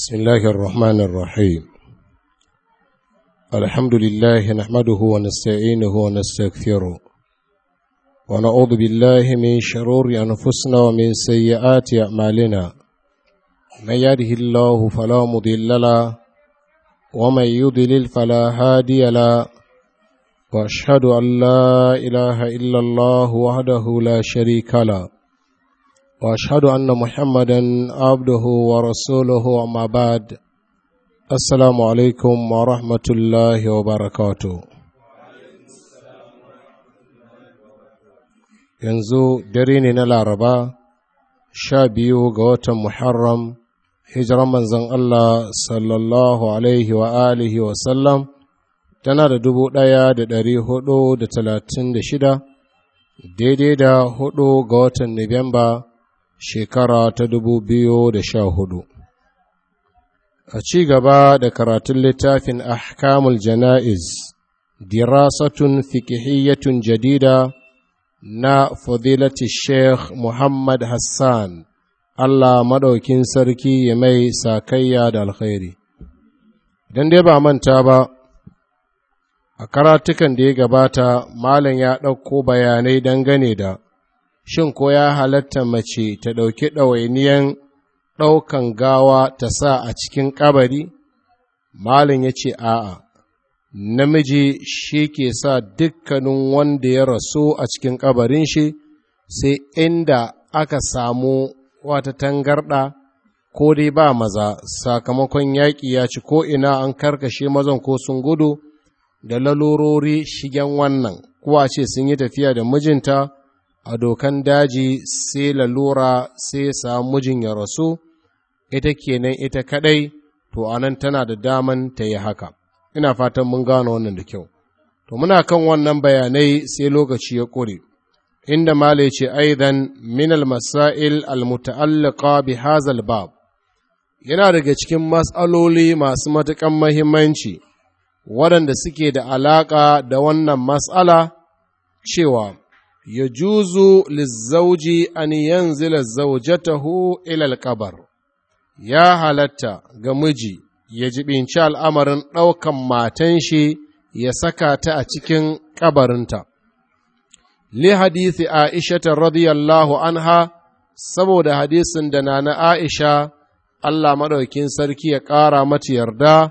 بسم الله الرحمن الرحيم الحمد لله نحمده ونستعينه ونستغفره ونعوذ بالله من شرور أنفسنا ومن سيئات أعمالنا من يده الله فلا مضل له ومن يضلل فلا هادي له وأشهد أن لا إله إلا الله وحده لا شريك له واشهد ان محمدا عبده ورسوله اما بعد السلام عليكم ورحمه الله وبركاته yanzu dare ne na laraba sha biyu ga watan muharram hijiran manzon allah sallallahu alaihi wa alihi wa sallam tana da dubu ɗaya da ɗari hudu da talatin da shida daidai da hudu ga watan nuwamba shekara ta dubu biyu da sha hudu. A ci gaba da karatun littafin Ahkamul Jana'iz, dirasatun fikihiyyatun jadida na fadilati Sheikh Muhammad Hassan, Allah maɗaukin sarki ya mai sakayya da alkhairi. Idan dai ba manta ba, a karatukan da ya gabata, Malam ya ɗauko bayanai dangane da shin ko ya halatta mace ta ɗauki ɗawainiyan ɗaukan gawa ta sa a cikin ƙabari? Malin ya ce, A'a, namiji shi ke sa dukkanin wanda ya rasu a cikin ƙabarin shi, sai inda aka samu wata tangarɗa ko dai ba maza, sakamakon yaƙi ya ci ko'ina an karkashe mazan ko sun gudu da lalurori shigen wannan, kuwa ce sun yi tafiya da mijinta. a dokan daji sai lalura sai sa mijin ya rasu ita kenan ita kadai to anan tana da daman ta yi haka ina fatan mun gano wannan da kyau to muna kan wannan bayanai sai lokaci ya ƙure inda male ce aidan min masail almuta'allaqa bi hazal bab yana daga cikin matsaloli masu matuƙan mahimmanci waɗanda suke da alaƙa da wannan matsala cewa ya juzu lizzauji an yanzila zaujatahu ilal kabar ya halatta ga miji ya jibinci al'amarin ɗaukan matan shi ya saka ta a cikin kabarinta. Li hadithi Aishata radiyallahu anha saboda hadisin da na Aisha Allah maɗaukin sarki ya ƙara mata yarda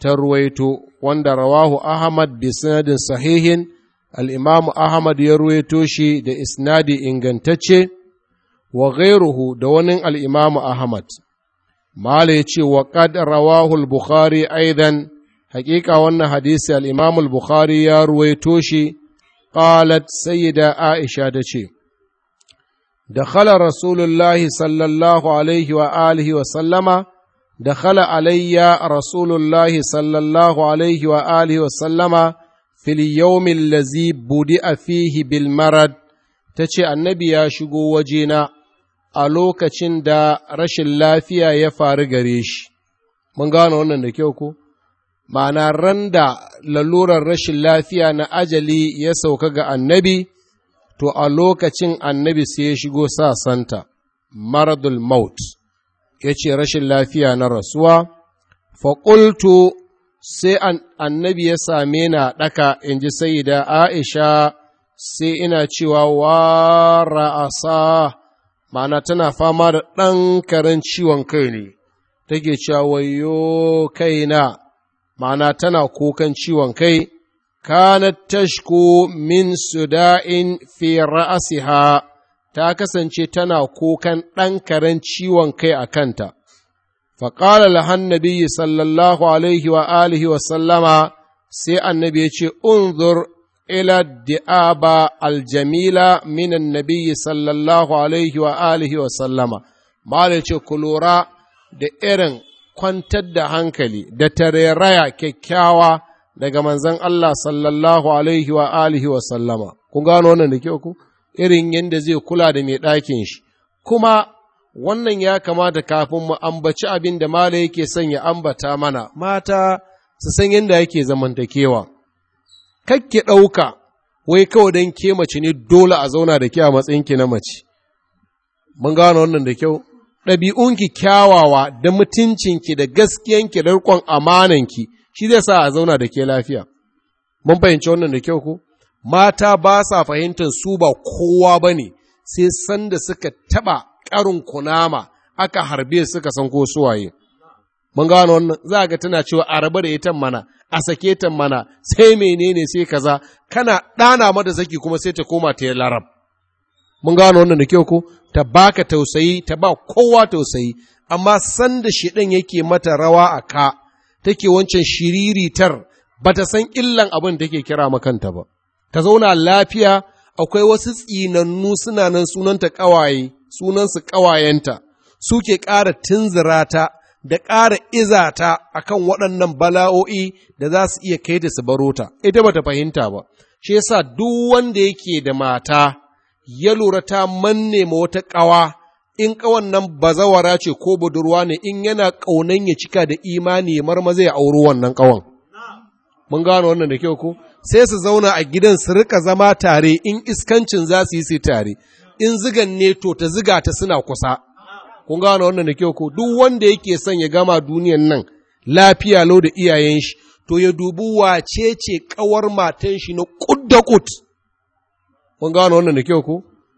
ta ruwaito wanda rawahu Ahmad bi sanadin sahihin al'imamu Ahmad ya ruwaito shi da isnadi ingantacce wa ghairuhu da wani al'imamu Ahmad. Mala ya ce wa qad rawahul Bukhari aidan haƙiƙa wannan hadisi al'imamu Bukhari ya ruwaito shi qalat sayyida Aisha da ce, دخل رسول الله صلى الله عليه وآله وسلم دخل علي fil yawmin budi a fihi bil marad ta ce annabi ya shigo wajena a lokacin da rashin lafiya ya faru gare shi mun gano wannan da kyau ko ma'ana ran da lalurar rashin lafiya na ajali ya sauka ga annabi to a lokacin annabi sai ya shigo sasanta maradul maut ya ce rashin lafiya na rasuwa faƙultu sai annabi ya same na ɗaka in ji sai da aisha sai ina cewa wa ra'asa ma'ana tana fama da ɗan karin ciwon kai ne take cewa wayo kaina ma'ana tana kukan ciwon kai kanat tashku min suda'in fi ra'asiha ta kasance tana kukan ɗan karin ciwon kai a kanta فقال lahan النبي sallallahu alaihi wa alihi wa سي sai annabi ya ce unzur ila di'aba aljamila minan nabiyyi sallallahu alaihi wa alihi wa sallama malai ce ku da irin kwantar da hankali da kyakkyawa daga manzon Allah sallallahu alaihi wa alihi wa sallama kun gano wannan da kyau ku irin yadda zai kula da mai ɗakin shi kuma wannan ya kamata kafin mu ambaci abin da mala yake son ya ambata mana mata su san yadda yake zamantakewa kakke ɗauka wai kawai don ke mace ne dole a zauna da ke a matsayinki na mace mun gano wannan da kyau ɗabi'unki kyawawa da mutuncinki da gaskiyanki da riƙon amananki shi zai sa a zauna da ke lafiya mun fahimci wannan da kyau ko mata ba sa fahimtar su ba kowa ba ne sai sanda suka taɓa ƙarin kunama aka harbe suka san ko suwaye mun gano wannan za ga tana cewa a rabar da ita mana a sake ta mana sai menene sai kaza kana ɗana mata zaki kuma sai ta koma ta yi larab mun gano wannan da kyau ko ta baka tausayi ta ba kowa tausayi amma sanda shiɗan yake mata rawa a ka take wancan shiriritar ba ta san illan abin da take kira makanta ba ta zauna lafiya akwai wasu tsinannu suna nan sunanta ƙawaye sunansu ƙawayenta, suke ƙara tunzirata da ƙara izata a kan waɗannan bala'o'i da za su iya kai da su barota ita ba ta fahimta ba, shi yasa duk wanda yake da mata ya lura ta manne ma wata ƙawa in ƙawan nan bazawara ce ko budurwa ne in yana ƙaunan ya cika da imani ya marmaza ya auri wannan ƙawan. Mun gano wannan da kyau ko? Sai su zauna a gidan su rika zama tare in iskancin za su yi su tare, in zigan ne to ta ziga ta suna kusa kun gano wannan da kyau ko duk wanda yake son ya gama duniyan nan lafiya lau da iyayen shi to ya dubi wace ce kawar matan shi na kud da kun gano wannan da kyau ko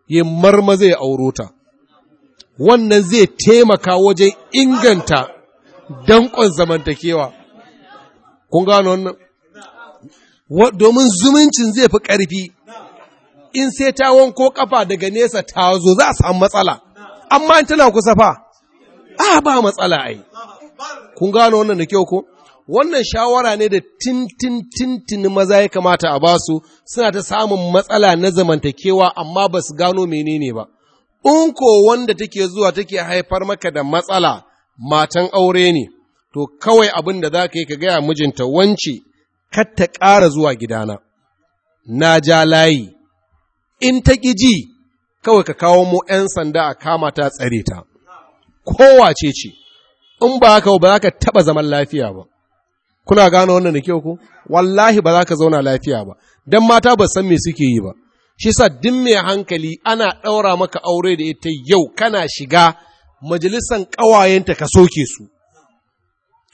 ya marma zai auro ta wannan zai taimaka wajen inganta danƙon zamantakewa kun gano wannan domin zumuncin zai fi ƙarfi in sai ta wanko kafa daga nesa ta zo za a samu matsala, amma in tana kusa fa, a ba matsala ai. Kun gano wannan da kyau ko? Wannan shawara ne da tintin tintin maza ya kamata a basu suna ta samun matsala na zamantakewa amma ba su gano menene ba. In ko wanda take zuwa take haifar maka da matsala matan aure ne, to kawai abin da za ka yi ka gaya mijinta wance, kar ta ƙara zuwa gidana. Na ja layi, in ta ƙi ji kawai ka kawo mu ‘yan sanda a kama ta tsare ta, kowace ce, in ba ka ba ka taɓa zaman lafiya ba. Kuna gano wannan da kyau ku? Wallahi ba za ka zauna lafiya ba, don mata ba san me suke yi ba. Shi sa duk mai hankali ana ɗaura maka aure da ita yau kana shiga majalisan ƙawayenta ka soke su.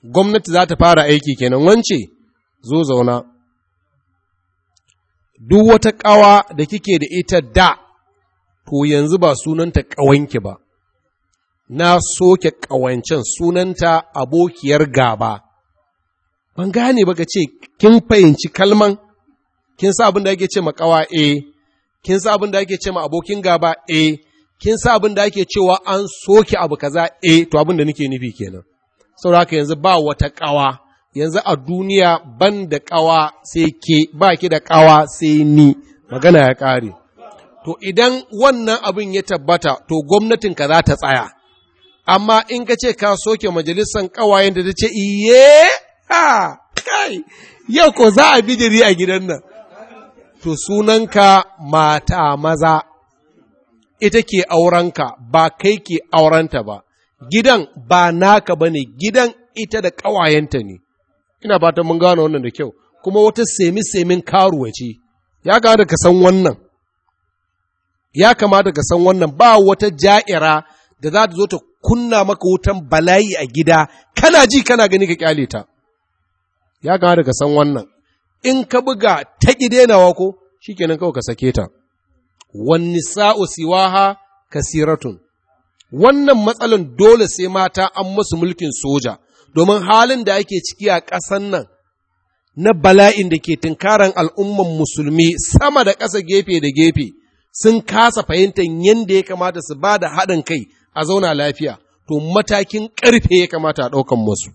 Gwamnati za ta fara aiki kenan wance zo zauna duk wata ƙawa da kike da ita da, to yanzu ba sunanta ƙawanki ba, na soke ƙawancen sunanta abokiyar gaba. Ban gane ba ka ce, kin fahimci kalman, kin sa abin da ake ce ma ƙawa e, kin sa abin da ake ce ma abokin gaba e, kin sa abin da ake cewa an soke abu kaza e, to abin da nake nufi kenan. Saboda haka yanzu ba wata ƙawa. yanzu a duniya ban da ƙawa sai ke ba ki da ƙawa sai ni magana ya ƙare to idan wannan abin ya tabbata to gwamnatinka za ta tsaya amma in ka ce ka soke majalisar ƙawayen da ta ce iye ha kai yau ko za a bijiri a gidan nan to sunanka mata maza ita ke aurenka ba kai ke aurenta ba gidan ba naka ba ne gidan ita da ƙawayenta ne ina ta mun gane wannan da kyau kuma wata semi-semin karuwa ce ya kamata ka san wannan ya kamata ka san wannan ba wata ja'ira da za ta zo ta kunna maka wutan bala'i a gida kana ji kana gani ka kyale ta ya kamata ka san wannan in ka buga ta gidenawa ko shikenan kawai ka sake ta wan siwaha kasiratun wannan matsalan dole sai mata an musu mulkin soja domin halin da ake ciki a ƙasan nan na bala'in da ke tunkaran al'umman musulmi sama da ƙasa gefe da gefe sun kasa fahimtar yadda ya kamata su ba da haɗin kai a zauna lafiya, to matakin ƙarfe ya kamata a ɗaukan masu.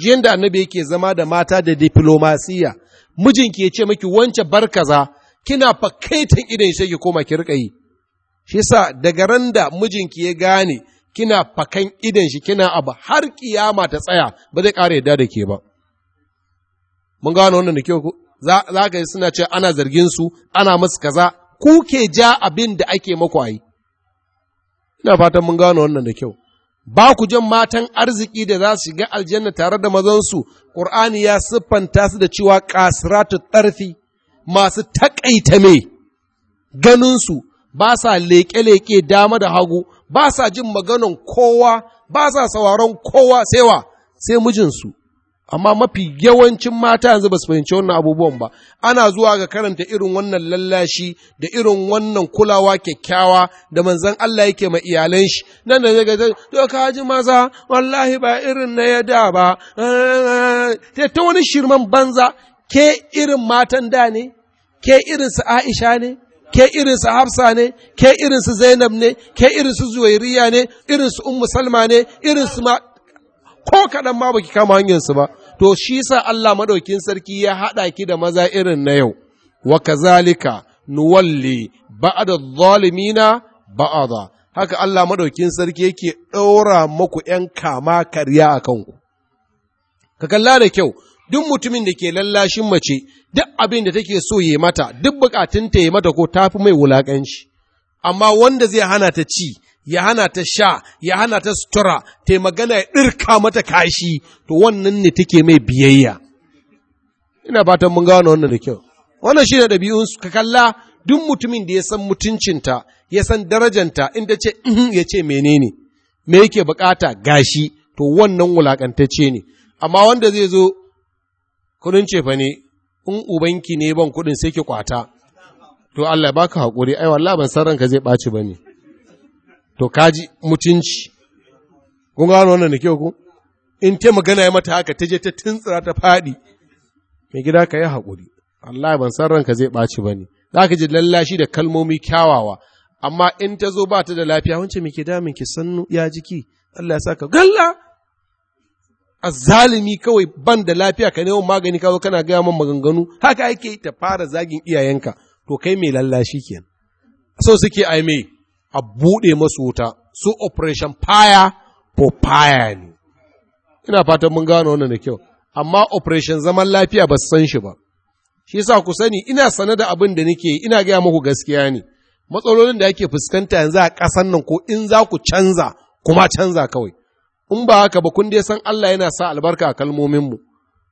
Jiyan da annabi yake zama da mata da diplomasiya, mijin ke ce maki wance barkaza, kina fakaitan idan shege koma ki riƙa yi. Shi sa daga ran mijinki ya gane kina fakan idan shi kina abu har kiyama ta tsaya ba zai ƙara yadda da ke ba mun gano wannan da kyau za ka yi suna ce ana zargin su ana musu kaza ku ke ja abin da ake maku ayi ina fatan mun gano wannan da kyau ba ku jan matan arziki da za su shiga aljanna tare da mazansu ƙur'ani ya siffanta su da cewa ƙasiratu ƙarfi masu taƙaita mai ganinsu ba sa leƙe-leƙe dama da hagu, ba sa jin maganan kowa, ba sa sauraron kowa wa? sai mijinsu. Amma mafi yawancin mata yanzu ba su fahimci wannan abubuwan ba, ana zuwa ga karanta irin wannan lallashi da irin wannan kulawa kyakkyawa da manzan Allah yake ma iyalan shi, nan da zai to ka ji maza, wallahi ba irin na yada ba, ta wani shirman banza, ke irin matan da ne, ke irin su Aisha ne, ke irin Hafsa ne, ke irin Zainab ne, ke irin su Zuwairiya ne, irin su Ummu Salma ne, irin ma ko kaɗan ma baki kama hanyar ba. To shi sa Allah maɗaukin sarki ya haɗa ki da maza irin na yau. Wa kazalika nuwalli ba'ada zalimina ba'ada. Haka Allah maɗaukin sarki yake ɗora muku ‘yan kama karya a kanku. Ka kalla da kyau, duk mutumin da ke lallashin mace duk abin da take so ya mata duk bukatun ta ya mata ko tafi mai wulakanci amma wanda zai hana ta ci ya hana ta sha ya hana ta sutura ta magana ya ɗirka mata kashi to wannan ne take mai biyayya ina fatan mun gano wannan da kyau wannan shine ɗabi'un ka kalla duk mutumin da ya san mutuncinta ya san darajanta inda ce uhm, ya ce menene me yake bukata gashi to wannan wulakantacce ne amma wanda zai zo kudin fa ne in ubanki ne ban kudin sai ki kwata to Allah baka hakuri ai wallahi ban san ranka zai baci bane to kaji mutunci kun gano wannan da ke ku in ta magana ya mata haka ta je ta tuntsira ta fadi mai gida ka yi hakuri Allah ban san ranka zai baci bane zaka ji lallashi da kalmomi kyawawa amma in ta zo ba ta da lafiya wance me ke damin ki sannu ya jiki Allah ya saka galla azalimi kawai ban da lafiya ka nemo magani ka kana gaya man maganganu haka ake ta fara zagin iyayenka to kai mai lallashi kenan so suke ai mai a bude masu wuta su operation fire for fire ne ina fatan mun gano wannan da kyau amma operation zaman lafiya ba su san shi ba shi yasa ku sani ina sane da abin da nake ina gaya muku gaskiya ne matsalolin da ake fuskanta yanzu a ƙasan nan ko in za ku canza kuma canza kawai in ba haka ba kun dai san Allah yana sa albarka a kalmominmu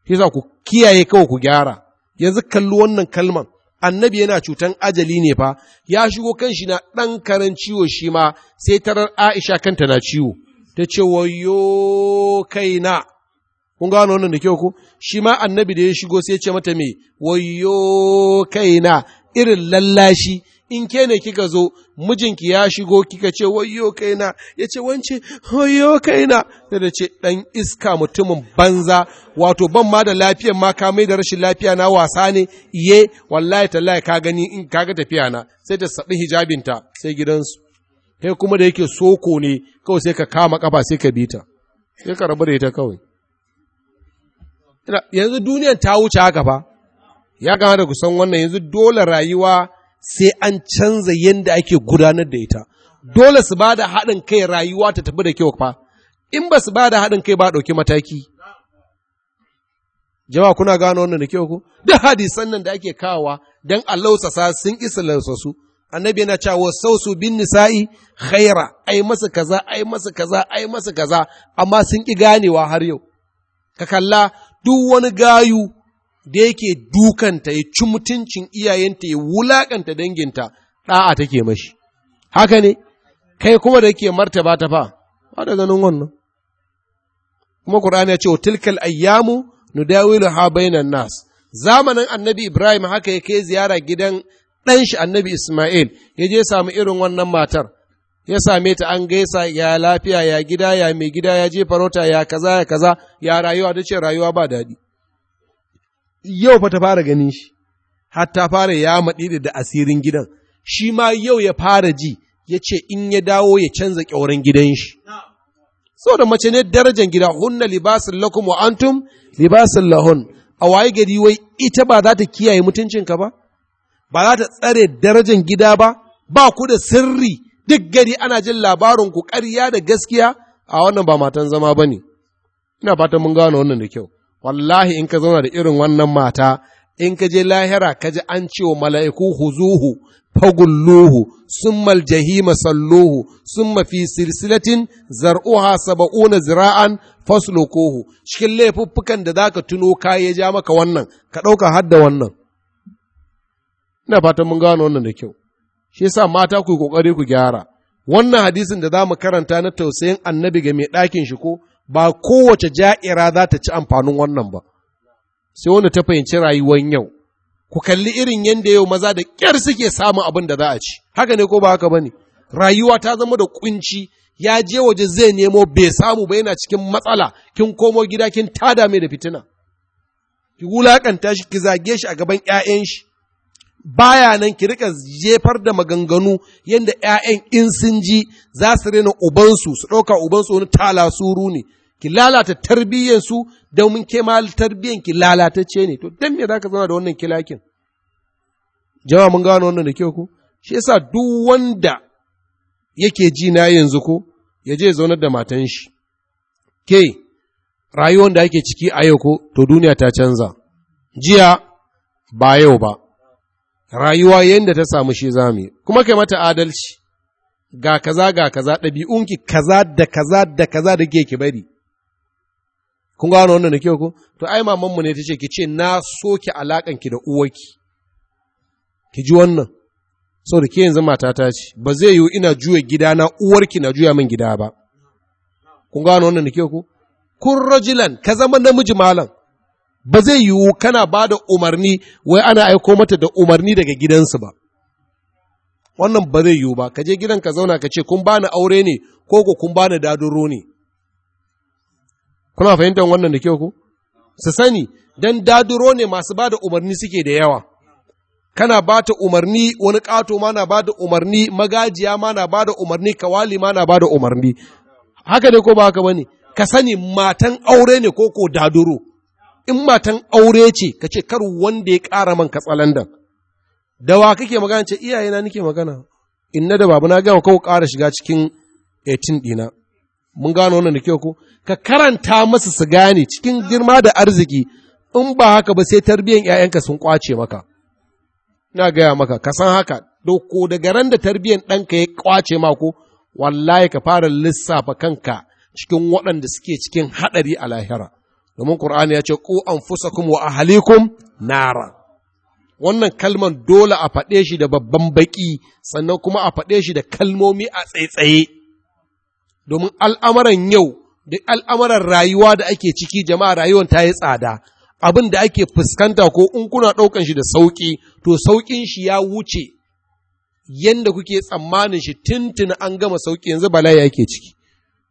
shi yasa ku kiyaye kawai ku gyara yanzu kallo wannan kalman annabi yana cutan ajali ne fa ya shigo kan shi na ɗan karen ciwo shi ma sai tarar Aisha kanta na ciwo ta ce wayo kaina kun gano wannan da kyau ko? shi ma annabi da ya shigo sai ya ce mata me wayo kaina irin lallashi in ke ne kika zo mijinki ya shigo kika ce wayo kaina ya ce wance wayo kaina sai ce dan iska mutumin banza wato ban ma da lafiyar ma ka mai da rashin lafiya na wasa ne iye wallahi tallahi ka gani in kaga tafiya na sai ta sabi hijabinta sai gidansu kai kuma da yake soko ne kawai sai ka kama kafa sai ka bita sai ka rabu da ita kawai yanzu duniyan ta wuce haka fa ya gama da kusan wannan yanzu dole rayuwa sai an canza yadda ake gudanar da ita. Dole su ba da haɗin kai rayuwa ta tafi da kyau fa, in ba su ba da haɗin kai ba ɗauki mataki. Jama'a kuna gano wannan da kyau ku? Duk hadisan nan da ake kawa don allausasa sun isa lansu Annabi yana cewa su bin nisa'i khaira, ai masa kaza, ai masa kaza, ai masa kaza, amma sun ki ganewa har yau. Ka kalla duk wani gayu da yake dukanta ya ci mutuncin iyayenta ya wulakanta danginta ɗa'a take mashi haka ne kai kuma da yake martaba ta fa ba da ganin wannan kuma Qur'ani ya ce tilkal ayyamu nudawilu ha bainan nas zamanin annabi Ibrahim haka ya kai ziyara gidan ɗan shi annabi Ismail ya je sami irin wannan matar ya same ta an gaisa ya lafiya ya gida ya mai gida ya je farauta ya kaza ya kaza ya rayuwa da ce rayuwa ba daɗi yau fa ta fara ganin shi, hatta fara ya maɗi da asirin gidan, shi ma yau ya fara ji, ya ce in ya dawo ya canza ƙyauren gidan shi. da mace ne darajan gida, hunna libasin lakum wa antum libasin lahun, a waye gari wai ita ba za ta kiyaye mutuncinka ba, ba za ta tsare darajan gida ba, ba ku da sirri duk gari ana jin labarin ku ƙarya da gaskiya a wannan ba matan zama ba ne. Ina fatan mun gano wannan da kyau. wallahi in ka zauna da irin wannan mata in ka je lahira ka ji an ce wa mala'iku huzuhu fagulluhu summal jahima salluhu summa fi silsilatin zar'uha saba'una zira'an kohu. cikin laifuffukan da zaka tuno ka ya ja maka wannan ka ɗauka har wannan ina fatan mun gano wannan da kyau shi yasa mata ku yi kokari ku gyara wannan hadisin da za mu karanta na tausayin annabi ga mai ɗakin shi ko ba kowace ja'ira za ta ci amfanin wannan ba sai wanda ta fahimci rayuwar yau ku kalli irin yadda yau maza da ƙyar suke samun abin da za a ci haka ne ko ba haka ba ne rayuwa ta zama da ƙunci ya je waje zai nemo bai samu ba yana cikin matsala kin komo gida kin tada mai da fitina ki wulakanta shi ki zage shi a gaban yayan shi baya nan ki rika jefar da maganganu yadda yayan in sun ji za su rena ubansu su ɗauka ubansu wani talasuru ne ki lalata tarbiyyarsu domin ke ma tarbiyyar ki lalatacce ne to dan me zaka zama da wannan kilakin jama mun gano wannan da kyau ko shi yasa duk wanda yake ji na yanzu ko ya je zaunar da matan shi ke rayuwar da ake ciki a yau ko to duniya ta canza jiya ba yau ba rayuwa yadda ta samu shi zami kuma kai mata adalci ga kaza ga kaza ɗabi'unki kaza da kaza da kaza da ke ki bari kun gano wannan da kyau ko to ai maman mu ne tace ki ce na soke alakan ki da uwarki ki ji wannan saboda ke yanzu ta ce ba zai yiwu ina juya gida na uwarki na juya min gida ba kun gano wannan da kyau ko kun rajulan ka zama namiji malam ba zai yiwu kana ba da umarni wai ana aiko mata da umarni daga gidansu ba wannan ba zai yiwu ba ka je gidan ka zauna ka ce kun bani aure ne ko ko kun bani daduro ne kuna fahimtar wannan da kyau ku su sani Don daduro ne masu ba da umarni suke da yawa kana ba ta umarni wani ƙato ma na ba da umarni magajiya ma na ba da umarni kawali ma na ba da umarni haka ne ko ba haka bane ka sani matan aure ne ko ko daduro in matan aure ce ka ce kar wanda ya ƙara man katsalandan da wa kake magana ce iyayena nake magana inna da babu na gama kawo ƙara shiga cikin 18 dina. mun gano wannan da kyau ko ka karanta masa su gane cikin girma da arziki in ba haka ba sai tarbiyyar ‘ya'yanka sun kwace maka na gaya maka ka san haka doko daga ran da tarbiyyar ɗanka ya kwace mako wallahi ka fara lissafa kanka cikin waɗanda suke cikin haɗari a lahira domin Qur'ani ya ce ku anfusakum wa ahlikum nara wannan kalman dole a faɗe shi da babban baki sannan kuma a faɗe shi da kalmomi a tsaitsaye domin al'amuran yau da al'amuran rayuwa da ake ciki jama'a rayuwar ta yi tsada abin da ake fuskanta ko in kuna ɗaukan shi da sauƙi to sauƙin shi ya wuce yanda kuke tsammanin shi tuntun an gama sauƙi yanzu Bala ya ke ciki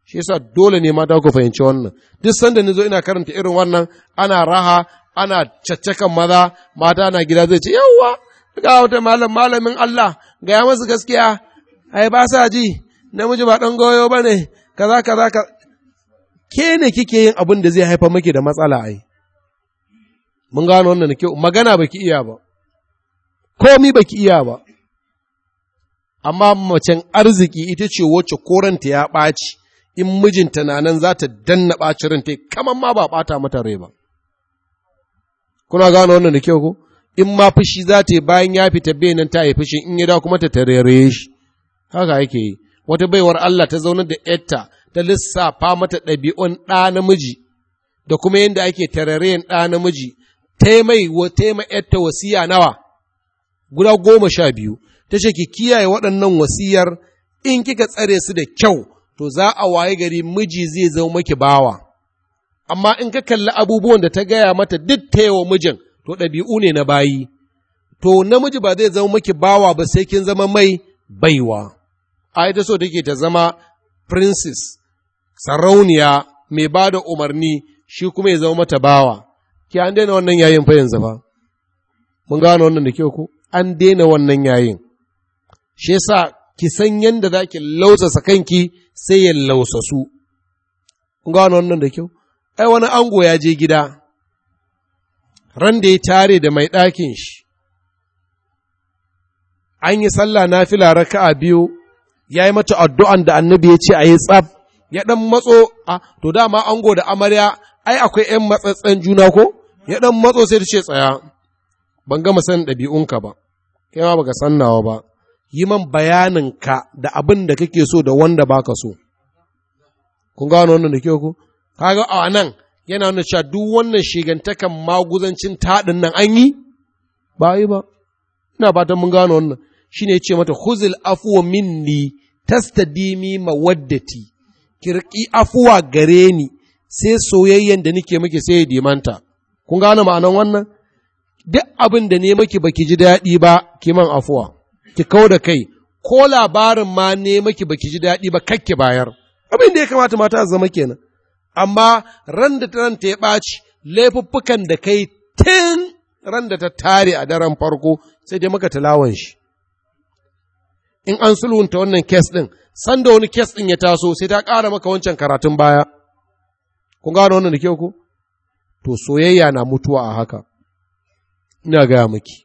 shi yasa dole ne mata ku fahimci wannan duk sanda ni zo ina karanta irin wannan ana raha ana caccakan maza mata na gida zai ce yawwa ga wata malam malamin Allah ga ya masu gaskiya ai ba sa ji namiji ba ɗan goyo ba ne, kaza kaza ka ke ne kike yin abin da zai haifar maki da matsala ai. Mun gano wannan kyau, magana baki iya ba, komi baki iya ba, amma macen arziki ita ce wacce koranta ya ɓaci, in mijinta na nan za ta danna ɓacin ranta, kamar ma ba ɓata mata rai ba. Kuna gano wannan da kyau ko? In ma fushi za ta yi bayan ya fita benin ta yi fushi in ya da kuma ta tarere shi, haka yake yi. wata baiwar Allah ta zaunar da ‘yarta ta lissafa mata ɗabi'un ɗa namiji da kuma yadda ake yin ɗa namiji, taimai wa taima etta wasiya nawa, guda goma sha biyu, ta ki kiyaye waɗannan wasiyar in kika tsare su da kyau, to za a waye gari miji zai zama maki bawa. Amma in ka kalli abubuwan da ta gaya mata duk ta wa mijin, to ɗabi'u ne na bayi. To namiji ba zai zama maki bawa ba sai kin zama mai baiwa. ai ta so take ta zama princess sarauniya mai ba da umarni shi kuma ya zama mata bawa ki an daina wannan yayin fa yanzu ba mun gano wannan da kyau ko an daina wannan yayin shi yasa ki san yanda zaki lausasa kanki sai ya lausasu mun gano wannan da kyau ai wani ango ya je gida ran da ya tare da mai ɗakin shi an yi sallah na fila raka'a biyu ya yi mata addu'an da annabi ya ce a yi tsaf ya ɗan matso a to dama ango da amarya ai akwai ‘yan matsatsen juna ko ya ɗan matso sai ta ce tsaya ban gama san ɗabi'unka ba kai ma baka san nawa ba yi man bayaninka da abin da kake so da wanda baka so kun gano wannan da kyau Ka ga a nan yana nuna cewa duk wannan shigantakan maguzancin taɗin nan an yi ba yi ba ina fatan mun gano wannan shi ya ce mata huzil afuwa minni tastadimi mawaddati kirki afuwa gare ni sai soyayyen da nike miki sai ya dimanta kun gane ma'anan wannan duk abin da ne maki baki ji daɗi ba ki man afuwa ki kau da kai ko labarin ma ne maki baki ji daɗi ba kakke bayar abin da ya kamata mata zama kenan amma ran da ta ranta ya ɓaci laifuffukan da kai tun ran da ta tare a daren farko sai dai maka talawan shi in an sulhunta wannan kes ɗin sanda wani kes ɗin ya taso sai ta ƙara maka wancan karatun baya kun gano wannan da kyau ku to soyayya na mutuwa a haka ina gaya miki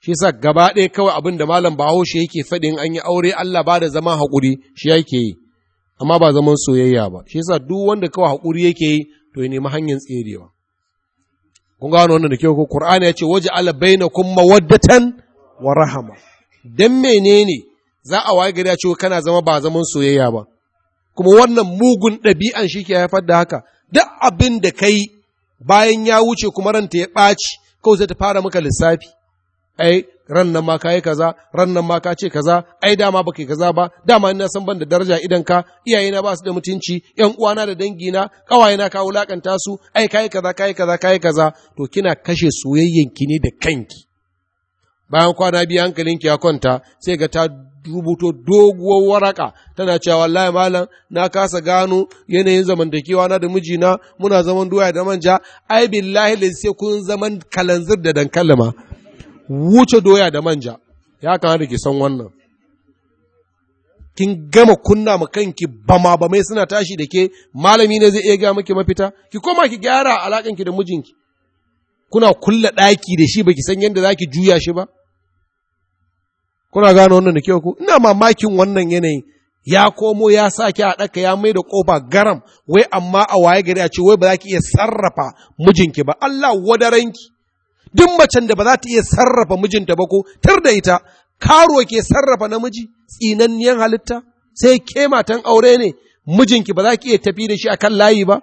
shi sa gaba ɗaya kawai abin da malam shi yake faɗin an yi aure Allah ba da zama haƙuri shi yake yi amma ba zaman soyayya ba shi sa duk wanda kawai haƙuri yake yi to ya nemi hanyar tserewa kun gano wannan da kyau ko Qur'ani ya ce waje ala bainakum mawaddatan wa rahama dan menene za a waye gari a ce kana zama ba zaman soyayya ba kuma wannan mugun ɗabi'an shi ke haifar da haka duk abin da ka yi bayan ya wuce kuma ranta ya ɓaci kawai zai ta fara maka lissafi ai ran nan ma ka yi kaza ran nan ma ka ce kaza ai dama baka yi kaza ba dama ina san ban da daraja idan ka iyayena ba su da mutunci yan uwana da dangi dangina kawayena ka wulakanta su ai kai kaza kai kaza kai kaza to kina kashe soyayyen ki ne da kanki bayan kwana biyu hankalinki ya kwanta sai ga ta rubuto doguwar waraka tana cewa wallahi malam na kasa gano yanayin zamantakewa na da mijina muna zaman doya da manja ai billahi sai kun zaman kalanzir da dankalma wuce doya da manja ya kamata ki san wannan kin gama kunna ma kanki bama bamai suna tashi da ke malami ne zai iya ga miki mafita ki koma ki gyara alakanki da mijinki kuna kulla ɗaki da shi baki san yadda zaki juya shi ba kuna gano wannan da kyau ku ina mamakin wannan yanayin ya komo ya sake a ɗaka ya mai da ƙofa garam wai amma a waye gari a ce wai ba za ki iya sarrafa mijinki ba Allah wadaranki duk macen da ba za ta iya sarrafa mijinta ba ko tar da ita karo ke sarrafa namiji tsinanniyan halitta sai ke matan aure ne mijinki ba za ki iya tafi da shi akan layi ba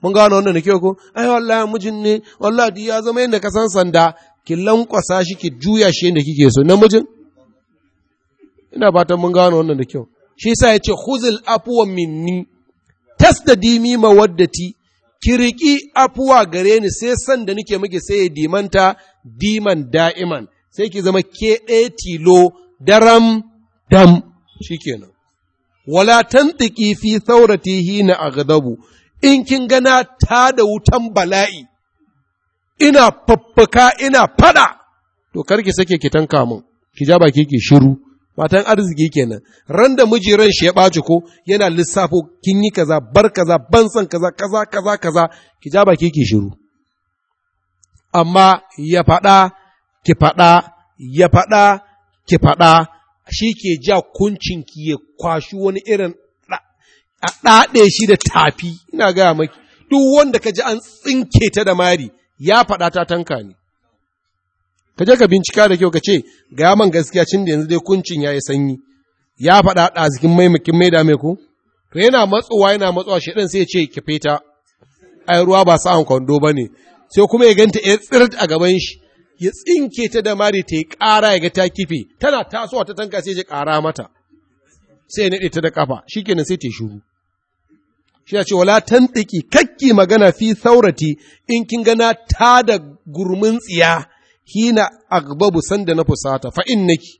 mun gano wannan da kyau ko ai wallahi mijin ne wallahi ya zama yadda ka san sanda ki lankwasa shi ki juya shi yadda kike so namijin ina ta mun gano wannan da kyau shi yasa yace khuzul afwa minni dimi mawaddati ki riki afuwa gare ni sai san da nake miki sai dimanta diman da'iman sai ki zama ke ɗaya tilo daram dam shikenan wala tantiki fi thaurati hina aghdabu in kin gana ta da wutan bala'i ina faffaka ina faɗa. to karki sake ki tanka mun ki ja baki ki shiru matan arziki kenan ran da miji ran shi ya ɓaci ko yana lissafo kin yi kaza bar kaza ban san kaza kaza kaza kaza ki ja baki ki shiru amma ya faɗa ki faɗa ya faɗa ki faɗa shi ke ja kuncin ki ya kwashi wani irin a ɗaɗe shi da tafi ina gaya maki duk wanda ka ji an tsinke ta da mari ya faɗa ta tanka ne ka je ka bincika da kyau ka ce ga man gaskiya cin da yanzu dai kuncin ya yi sanyi ya faɗa ɗazikin mai mukin mai dame ku to yana matsowa yana matsowa shi sai ya ce ki feta ai ruwa ba sa'an kwando ba ne sai kuma ya ganta ya tsirt a gaban shi ya tsinke ta da mari ta yi ƙara ya ga ta kife tana tasowa ta tanka sai ya ƙara mata sai ya naɗe ta da ƙafa shi kenan sai ta shuru shi ya ce wala tantiki kakki magana fi saurati in kin gana ta da gurmin tsiya hina agbabu sanda na fusata fa naki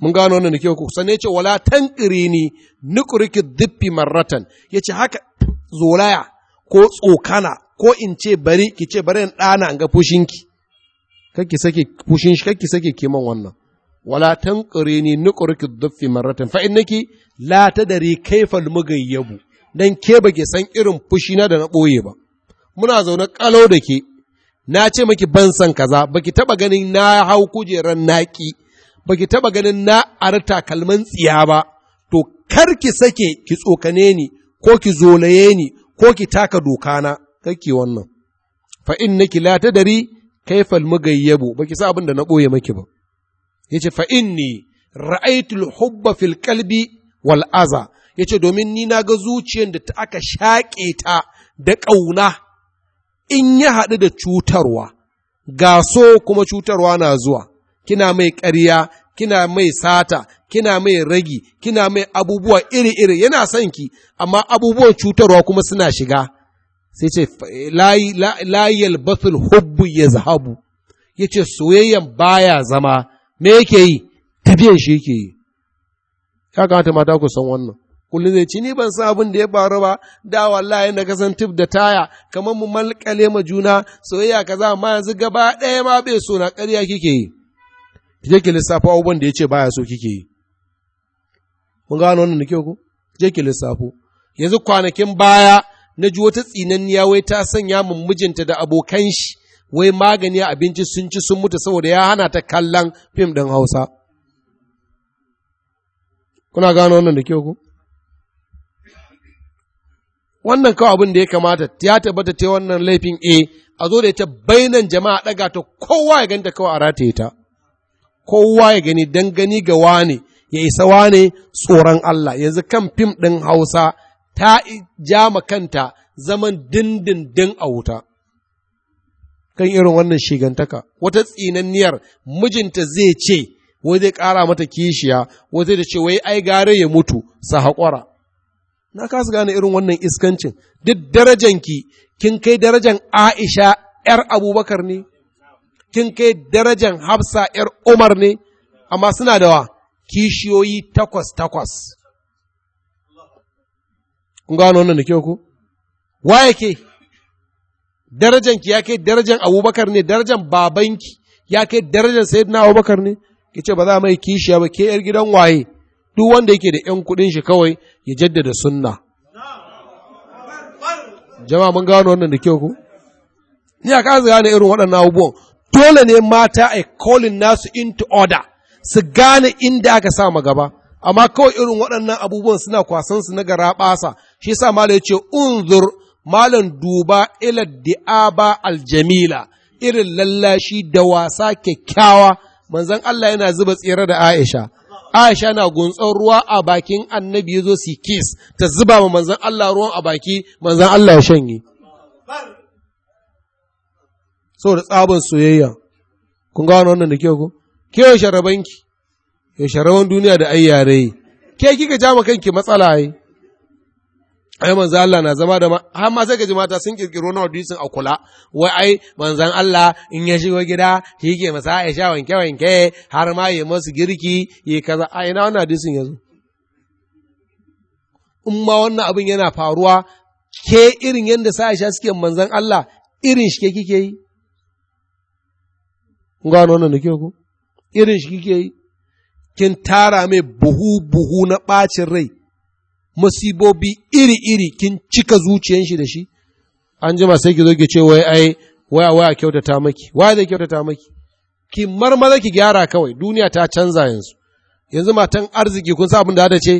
mun gano wannan da ke ku sanne ce wala tankiri ni nukuriki dippi marratan yace haka zolaya ko tsokana ko in ce bari ki ce bari in dana an ga fushinki kakki sake fushin shi kakki sake kiman wannan wala tankiri ni nukuriki dippi marratan fa innaki la tadari kaifa mugayyabu don ke ba ke san irin fushi na da na ɓoye ba. Muna zaune kalau da ke, na ce maki ban san kaza, baki taba ganin na hau kujerar naƙi, baki ki taɓa ganin na arta kalman tsiya ba, to kar ki sake ki tsokane ni, ko ki zolaye ni, ko ki taka dokana, ki wannan. Fa in naki la ta dari, kaifal falmu ba ki sa abin da na ɓoye maki ba. Ya ce fa inni ra'aitul hubba fil kalbi wal aza ya ce domin ni na ga zuciyar da ta aka shaƙe ta da ƙauna in ya haɗu da cutarwa ga so kuma cutarwa na zuwa kina mai ƙarya kina mai sata kina mai ragi kina mai abubuwa iri-iri yana son ki amma abubuwan cutarwa kuma suna shiga sai ce hubbu ya zahabu ya ce soyayyan baya zama me yake yi tafiyan shi yake yi ya kamata mata ku san wannan kullum zai ci ni ban san abin da ya faru ba da wallahi na san tif da taya kamar mu malƙale ma juna soyayya kaza amma yanzu gaba ɗaya ma bai so na ƙarya kike yi je ki lissafo abubuwan da ya ce baya so kike yi mun gano wannan da kyau ko je ki lissafo yanzu kwanakin baya na ji wata tsinanniya wai ta sanya min mijinta da abokan shi wai magani a abinci sun ci sun mutu saboda ya hana ta kallon fim ɗin Hausa. Kuna gano wannan da kyau ko? wannan kawai abin da ya kamata ya tabbata ta wannan laifin a eh, a zo da ita bainan jama'a daga ta kowa ya gani da kawai a rataye ta kowa ya gani dan gani ga wane ya isa wane tsoron Allah yanzu kan fim ɗin Hausa ta ja kanta zaman dindindin a wuta kan irin wannan shigantaka wata tsinanniyar mijinta zai ce wai zai kara mata kishiya wai zai ce wai ai gare ya mutu sa haƙura na kasu gane irin wannan iskancin duk darajanki kin kai darajan Aisha ‘yar Abubakar ne, kin kai darajan Hafsa ‘yar Umar ne, amma suna da kishiyoyi takwas-takwas. Kun gano wannan da kyau ku? Wa yake, darajanki ya kai darajan Abubakar ne, darajan babanki ya kai darajan Sayyidina Abubakar ne, ki ce ba za mai kishiya ba, ke ‘yar gidan waye, duk wanda yake da ‘yan kuɗin shi kawai ya jaddada sunna. Jama'a mun gano wannan da kyau ku? Ni a kasa gane irin waɗannan abubuwan, dole ne mata a calling nasu into order, su gane inda aka sa gaba. Amma kawai irin waɗannan abubuwan suna kwasan su na gara ɓasa, shi sa malam ya ce, unzur malam duba ila di'aba aljamila, irin lallashi da wasa kyakkyawa, manzon Allah yana zuba tsere da Aisha. Aisha na gunsan ruwa a bakin annabi ya zo su kis ta zuba ma manzan Allah ruwan a baki manzan Allah ya shanye. da tsabon soyayya, kun ga wannan da kyau ko? Ke yau sharabanki, ya sharaban duniya da ayyare, ke kika ja ma kanki matsala yi. ai manzan Allah na zama da har ma sai ka ji mata sun kirkiro na hadisin sun kula wai ai manzan Allah in ya shigo gida shi ke masa ya sha wanke wanke har ma ya masu girki ya kaza a ina wannan hadisin yazo in ma wannan abin yana faruwa ke irin yadda sa sha suke manzan Allah irin shi ke kike yi gano wannan da ke ku irin shi kike yi kin tara mai buhu buhu na bacin rai masibobi iri-iri kin cika zuciyan shi da shi an jima sai ki zo ki ce wai ai waya waya kyautata maki waya zai kyautata maki ki marmaza ki gyara kawai duniya ta canza yanzu yanzu matan arziki kun sa abin da ce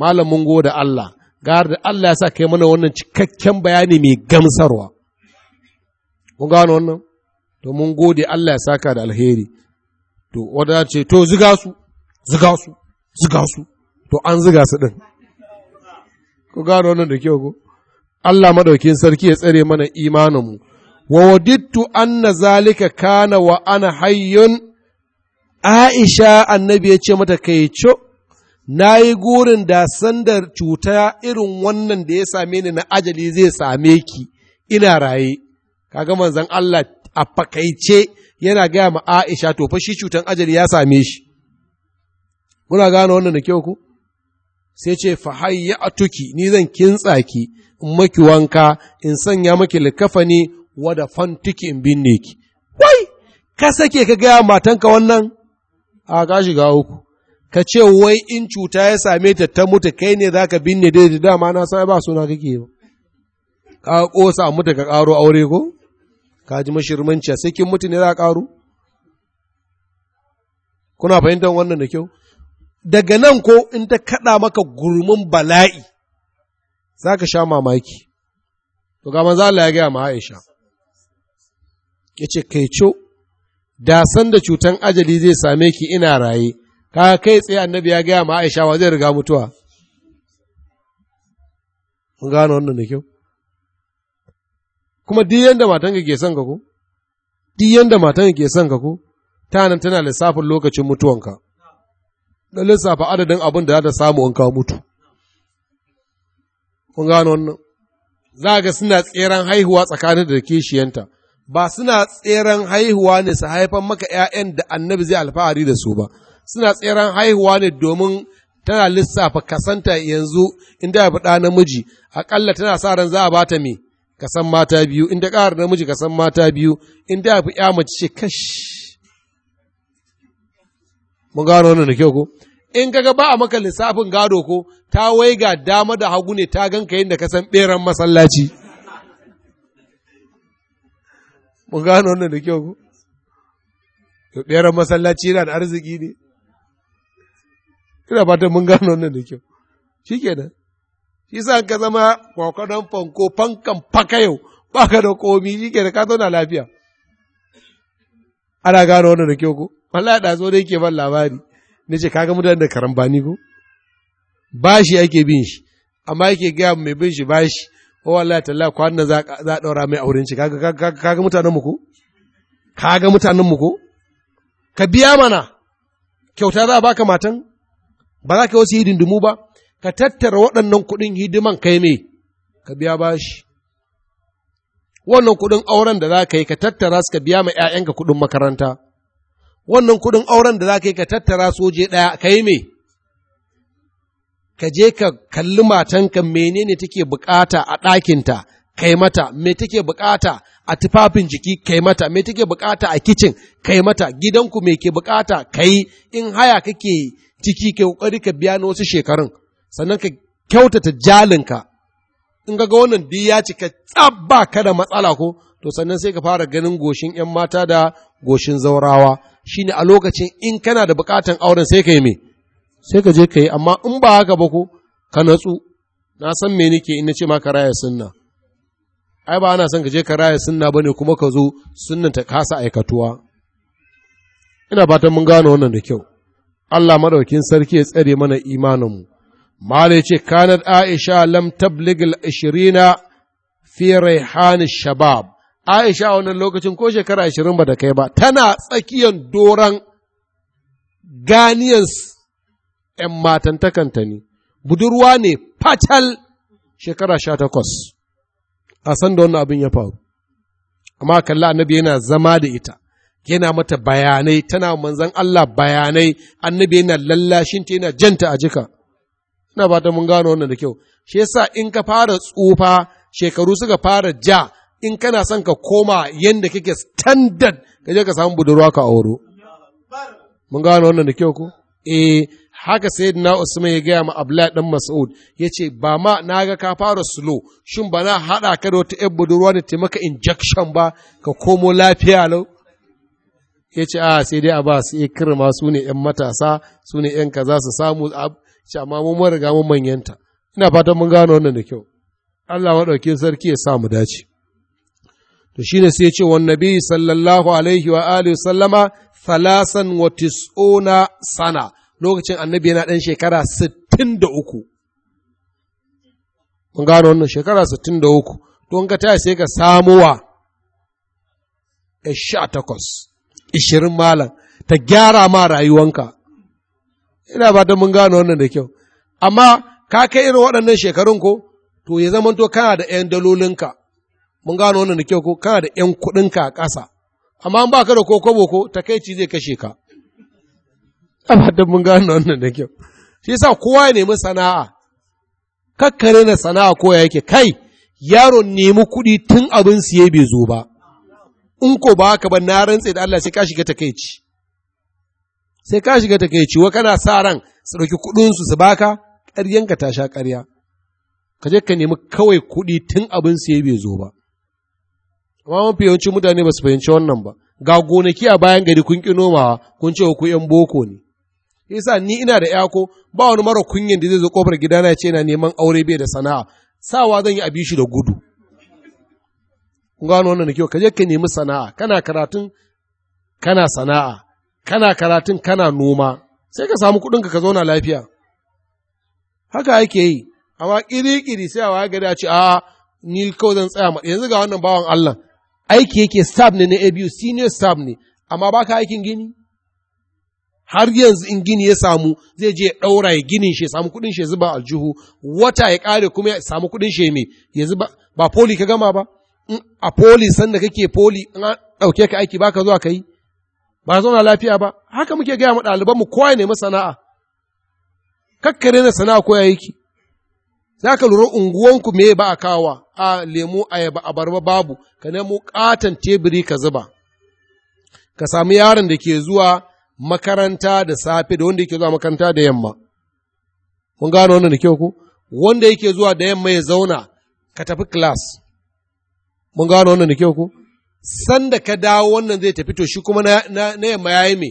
malam mun goda Allah gar da Allah ya sa kai mana wannan cikakken bayani mai gamsarwa kun gano wannan to mun gode Allah ya saka da alheri to wanda ce to ziga su ziga su ziga su to an ziga su din ku gano wannan da kyau ko Allah madaukin sarki ya tsare mana imaninmu wa wadittu anna zalika kana wa ana hayyun Aisha annabi ya ce mata kai cho na yi gurin da sandar cuta irin wannan da ya same ni na ajali zai same ki ina raye kaga manzon Allah a fakaice yana gaya ma Aisha to fa shi cutan ajali ya same shi kuna gano wannan da kyau ku sai ce fa a tuki ni zan kintsa ki in maki wanka in sanya maki likafani wada tuki in binne ki wai ka sake ka gaya matanka wannan a ka ga uku ka ce wai in cuta ya same ta ta mutu kai ne za ka binne dai da dama na san ba suna kake ba ka kosa mutu ka karo aure ko ka ji mashirmanci sai kin mutu ne za ka karo kuna fahimtar wannan da kyau daga nan ko in ta kaɗa maka gurmin bala'i, za ka sha mamaki, to ga manzo Allah ya gaya ma Aisha, ya ce, Kai co, da san da cutan ajali zai same ki ina raye, ka kai tsaye annabi ya gaya ma Aisha wa zai riga mutuwa. Mun gano wannan da kyau. Kuma duk yanda matanka ke son ka ko? Duk yanda matanka ke son ka ko? Ta nan tana lissafin lokacin mutuwanka. da lissafa adadin abin da za ta samu wanka ka mutu. Kun gano Za ga suna tseren haihuwa tsakanin da kishiyanta, ba suna tseren haihuwa ne su haifan maka ‘ya'yan da annabi zai alfahari da su ba, suna tseren haihuwa ne domin tana lissafa kasanta yanzu inda ya fi ɗa namiji, aƙalla tana sa ran za a bata mai kasan mata biyu, inda ƙara namiji kasan mata biyu, inda ya fi ‘ya mace kashi. mun gano wannan da kyau ko in kaga ba a maka lissafin gado ko ta waiga dama da hagu ne ta ganka yin da ka san beran masallaci mun gano wannan da kyau ko to beran masallaci yana da arziki ne ina fatan mun gano wannan da kyau shikenan shi sa ka zama kwakwadon fanko fankan faka yau ba ka da komi shi ke da ka zauna lafiya ana gano wannan da kyau ko wallahi da zo da yake ban labari na ce kaga mutane da karambani ko bashi ake bin shi amma yake gaya mai bin shi bashi ko oh, wallahi talla wannan za za daura mai auren shi kaga kaga mutanen mu ko kaga mutanen mu ko ka biya mana kyauta za a baka matan ba za ka wasu hidindimu ba ka tattara waɗannan kuɗin hidiman kai me ka biya bashi wannan kuɗin auren da za ka yi ka tattara su ka biya ma 'ya'yanka kuɗin makaranta wannan kudin auren da za ka yi ka tattara soje ɗaya ka yi me ka je ka kalli matanka menene take bukata a ɗakinta kai mata me take bukata a tufafin jiki kai mata me take bukata a kicin kai mata gidanku mai ke bukata yi. in haya kake ciki ka kokari ka biya na wasu shekarun sannan ka kyautata jalinka in ga ga wannan duk ya cika tsabba ka da matsala ko to sannan sai ka fara ganin goshin yan mata da goshin zaurawa shine a lokacin in kana da bukatan auren sai ka yi me sai ka je ka yi amma in ba haka ba ko ka natsu na san me nake in nace ma ka raya sunna ai ba ana son ka je ka raya sunna bane kuma ka zo sunnan ta kasa aikatuwa ina fatan mun gano wannan da kyau Allah madaukin sarki ya tsare mana imanin mu mala ce kanat aisha lam tabligh al 20 fi rihan shabab Aisha wannan lokacin ko shekara ashirin ba da kai ba, tana tsakiyan doron ganiyan ‘yan matantakanta ne, budurwa ne fatal shekara sha takwas, a san da wannan abin ya faru. Amma kalla annabi yana zama da ita, yana mata bayanai, tana manzan Allah bayanai, annabi yana lallashin ta yana janta a jika. Ina ba ta mun gano wannan da kyau, shi yasa in ka fara tsufa shekaru suka fara ja in kana son ka koma yadda kake standard ka je ka samu budurwa ka auro mun gano wannan da kyau ko eh haka sai naus Usman ya gaya ma Abdullahi dan Mas'ud yace ba ma na ga ka fara slow shin ba na hada ka da wata yar budurwa da ta maka injection ba ka komo lafiya lau yace a ah, sai dai a ba su kirma su ne yan matasa su ne yan kaza su samu ce amma mun riga mun manyanta ina fatan mun gano wannan da kyau Allah wa sarki ya sa mu dace to shine sai ya ce wa nabi sallallahu alaihi wa alihi sallama thalasan wa tis'una sana lokacin annabi yana ɗan shekara sittin da uku mun gano wannan shekara sittin da uku to ka taya sai ka samuwa sha takwas ishirin malam ta gyara ma rayuwanka ina ba mun gano wannan da kyau amma ka kai irin waɗannan shekarun ko to ya zamanto kana da ‘yan dalolinka mun gano wannan da kyau ko kana da ‘yan kuɗinka a ƙasa, amma an ba ka da ko kobo ko takaici zai kashe ka. Abadan mun gano wannan da kyau. Shi yasa kowa ya nemi sana'a, kakkare na sana'a ko ya yake kai, yaro nemi kuɗi tun abin siye bai zo ba. In ko ba ka ba na rantse da Allah sai ka shiga takaici. Sai ka shiga takaici wa kana sa ran su kuɗin kuɗinsu su baka, ƙaryanka ta sha ƙarya. Ka je ka nemi kawai kuɗi tun abin siye bai zo ba. amma mafi yawancin mutane ba su fahimci wannan ba ga gonaki a bayan gari kun ƙi nomawa kun ce ku ‘yan boko ne yasa ni ina da yako ba wani mara kunyan da zai zo kofar gidana na ce na neman aure bai da sana'a sawa zan yi abi shi da gudu kun gano wannan da kyau ka ka nemi sana'a kana karatun kana sana'a kana karatun kana noma sai ka samu kuɗinka ka zauna lafiya haka ake yi amma ƙiri-ƙiri sai a waya gari a ce a ni kawai zan tsaya yanzu ga wannan bawan Allah aiki yake sab ne na abu senior sab ne amma baka aikin gini har yanzu in gini ya samu zai je ɗaura ya ginin shi ya samu kuɗin shi zuba aljihu wata ya ƙare kuma ya samu kuɗin shi mai ya zuba ba poli ka gama ba a poli sanda kake poli an ɗauke ka aiki ba ka zuwa ka yi ba zauna lafiya ba haka muke gaya ma mu kowa ne masana'a kakkare na sana'a ko ya yi ki za ka lura unguwanku me ba a kawa a lemu ayaba barba babu ka nemo katon teburi ka zuba ka samu yaron da ke zuwa makaranta da safe da wanda yake zuwa makaranta da yamma mun gano wannan da kyau ku wanda yake zuwa da yamma ya zauna ka tafi class mun gano wannan da kyau ku sanda ka dawo wannan zai tafi to shi kuma na, yamma ya yi me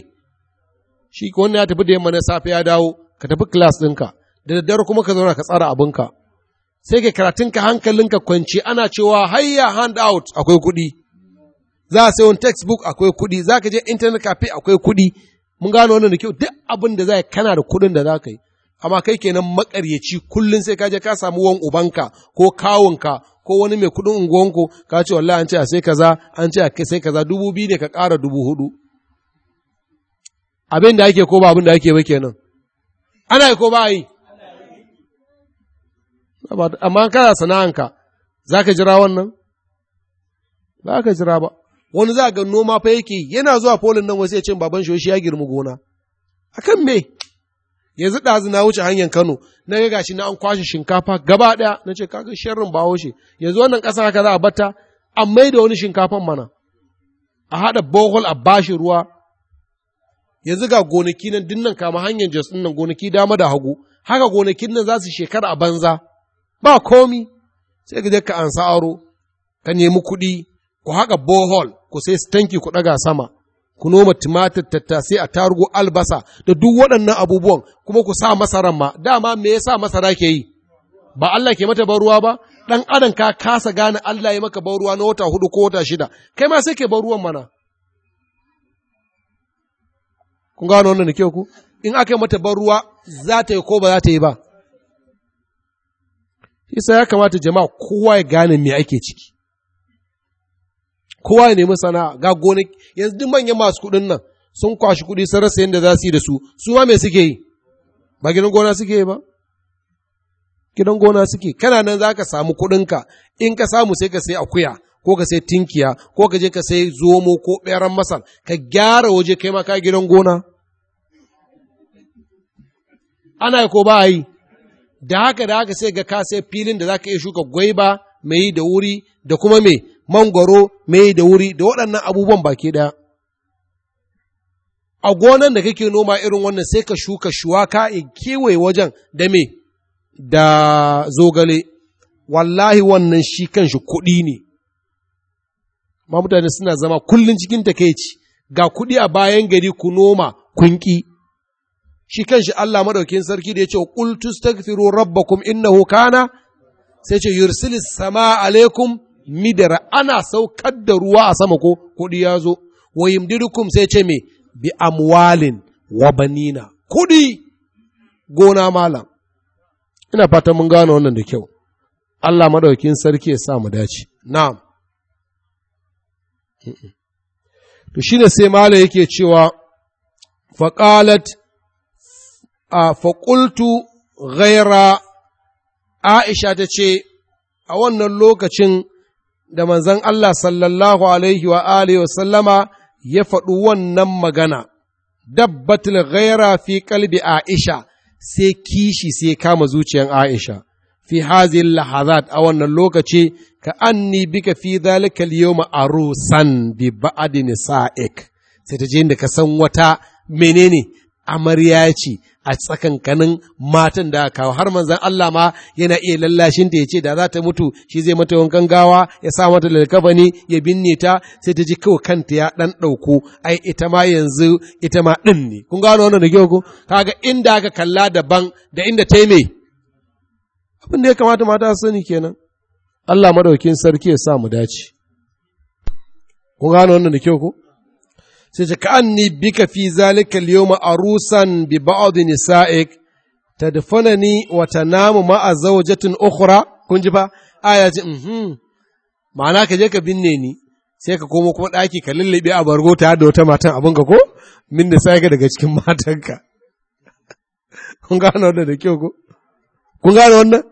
shi wannan ya tafi da yamma na safe ya dawo ka tafi class ɗinka da daddare kuma ka zauna ka tsara abinka sai ka karatun hankalin hankalinka kwanci ana cewa hayya hand out akwai kuɗi za a sayo textbook akwai kuɗi za ka je internet cafe akwai kuɗi mun gano wannan da kyau duk abin da za ka kana da kuɗin da za ka yi amma kai kenan makaryaci kullum sai ka je ka samu wan ubanka ko kawunka ko wani mai kuɗin unguwanku ka ce wallahi an ce a sai kaza an ce a sai kaza dubu biyu ne ka ƙara dubu hudu abin da ake ko ba abin da ake ba kenan ana yi ko ba yi amma kana sana'anka za ka jira wannan ba ka jira ba wani za ga noma fa yake yana zuwa polin nan wasu ya ce baban shi ya girmi gona akan me yanzu ɗazu na wuce hanyar Kano na ga gashi na an kwashe shinkafa gaba ɗaya na ce kaga sharrin bawo shi yanzu wannan ƙasa haka za a bata an mai da wani shinkafan mana a haɗa bohol a bashi ruwa yanzu ga gonaki nan dinnan kama hanyar jos nan gonaki dama da hagu haka gonakin nan za su shekara a banza ba komi sai ka je ka ansa aro ka nemi kuɗi ku haka bohol ku sai stanki ku ɗaga sama ku noma tumatir tattasai a tarugu albasa da duk waɗannan abubuwan kuma ku sa masaran ma dama me yasa masara ke yi ba Allah ke mata ban ruwa ba dan adam ka kasa gane Allah ya maka ban ruwa na wata hudu ko wata shida kai ma sai ke ban ruwan mana kun gano wannan da kyau ku in aka yi mata ban ruwa za ta yi ko ba za ta yi ba isa ya kamata jama'a kowa ya gane me ake ciki kowa ya nemi sana'a ga goni yanzu duk manyan masu kuɗin nan sun kwashi kuɗi sun rasa yadda za su yi da su su ma me suke yi ba gidan gona suke yi ba gidan gona suke kana nan za ka samu kuɗinka in ka samu sai ka sai akuya ko ka sai tinkiya ko ka je ka sai zomo ko ɓeran masar ka gyara waje kai ma ka gidan gona ana ko ba yi da haka da haka sai ga ka sai filin da za ka iya shuka gwaiba mai yi da wuri da kuma mai mangoro mai yi da wuri da waɗannan abubuwan baki ɗaya. A gonan da kake noma irin wannan sai ka shuka shuwaka in kewaye wajen da me da zogale, wallahi wannan shi kan kanshi kuɗi ne. Ma mutane suna zama kullum cikin takeici ga kuɗi a bayan gari ku noma kunki. shi kanshi Allah madaukin sarki da ya ce qultu rabba rabbakum innahu hukana, sai ce yursili sama alaikum midara ana saukar da ruwa a sama ko kuɗi ya zo wa yimdirukum sai ce me bi amwalin wa banina kuɗi gona malam ina fatan mun gano wannan da kyau Allah madaukin sarki ya sa mu dace na'am to shine sai malam yake cewa faƙalat. a faƙultu gaira, Aisha ta ce, A wannan lokacin da manzon Allah sallallahu Alaihi wa alihi wasallama ya faɗu wannan magana, dabbatul gaira fi kalbi Aisha sai kishi sai kama zuciyar Aisha. fi hazin lahazat a wannan lokaci ka anni bika fi zalika yawma arusan bi ba'di nisa'ik sai ta je inda ka san wata menene amarya ce a tsakankanin matan da kawo har manzan Allah ma yana iya lallashin ta ya ce da za ta mutu shi zai mata wankan gawa ya sa mata lalkabani ya binne ta sai ta ji kawai kanta ya dan ɗauko ai ita ma yanzu ita ma ɗin ne kun gano wannan da kyau kaga inda aka kalla daban da inda ta me abin da ya kamata mata su sani kenan Allah madaukin sarki ya sa mu dace kun gano wannan da kyau ko sai ce ka anni bika fi zalika al a rusan bi ba'd nisa'ik tadfanani wa tanamu ma'a zawjatin ukhra kun ji fa ya ce mhm ma'ana ka je ka binne ni sai ka komo kuma ɗaki ka lullube a bargo ta da wata matan abin ka ko min da sai ka daga cikin matanka kun gano wannan da kyau ko kun gano wannan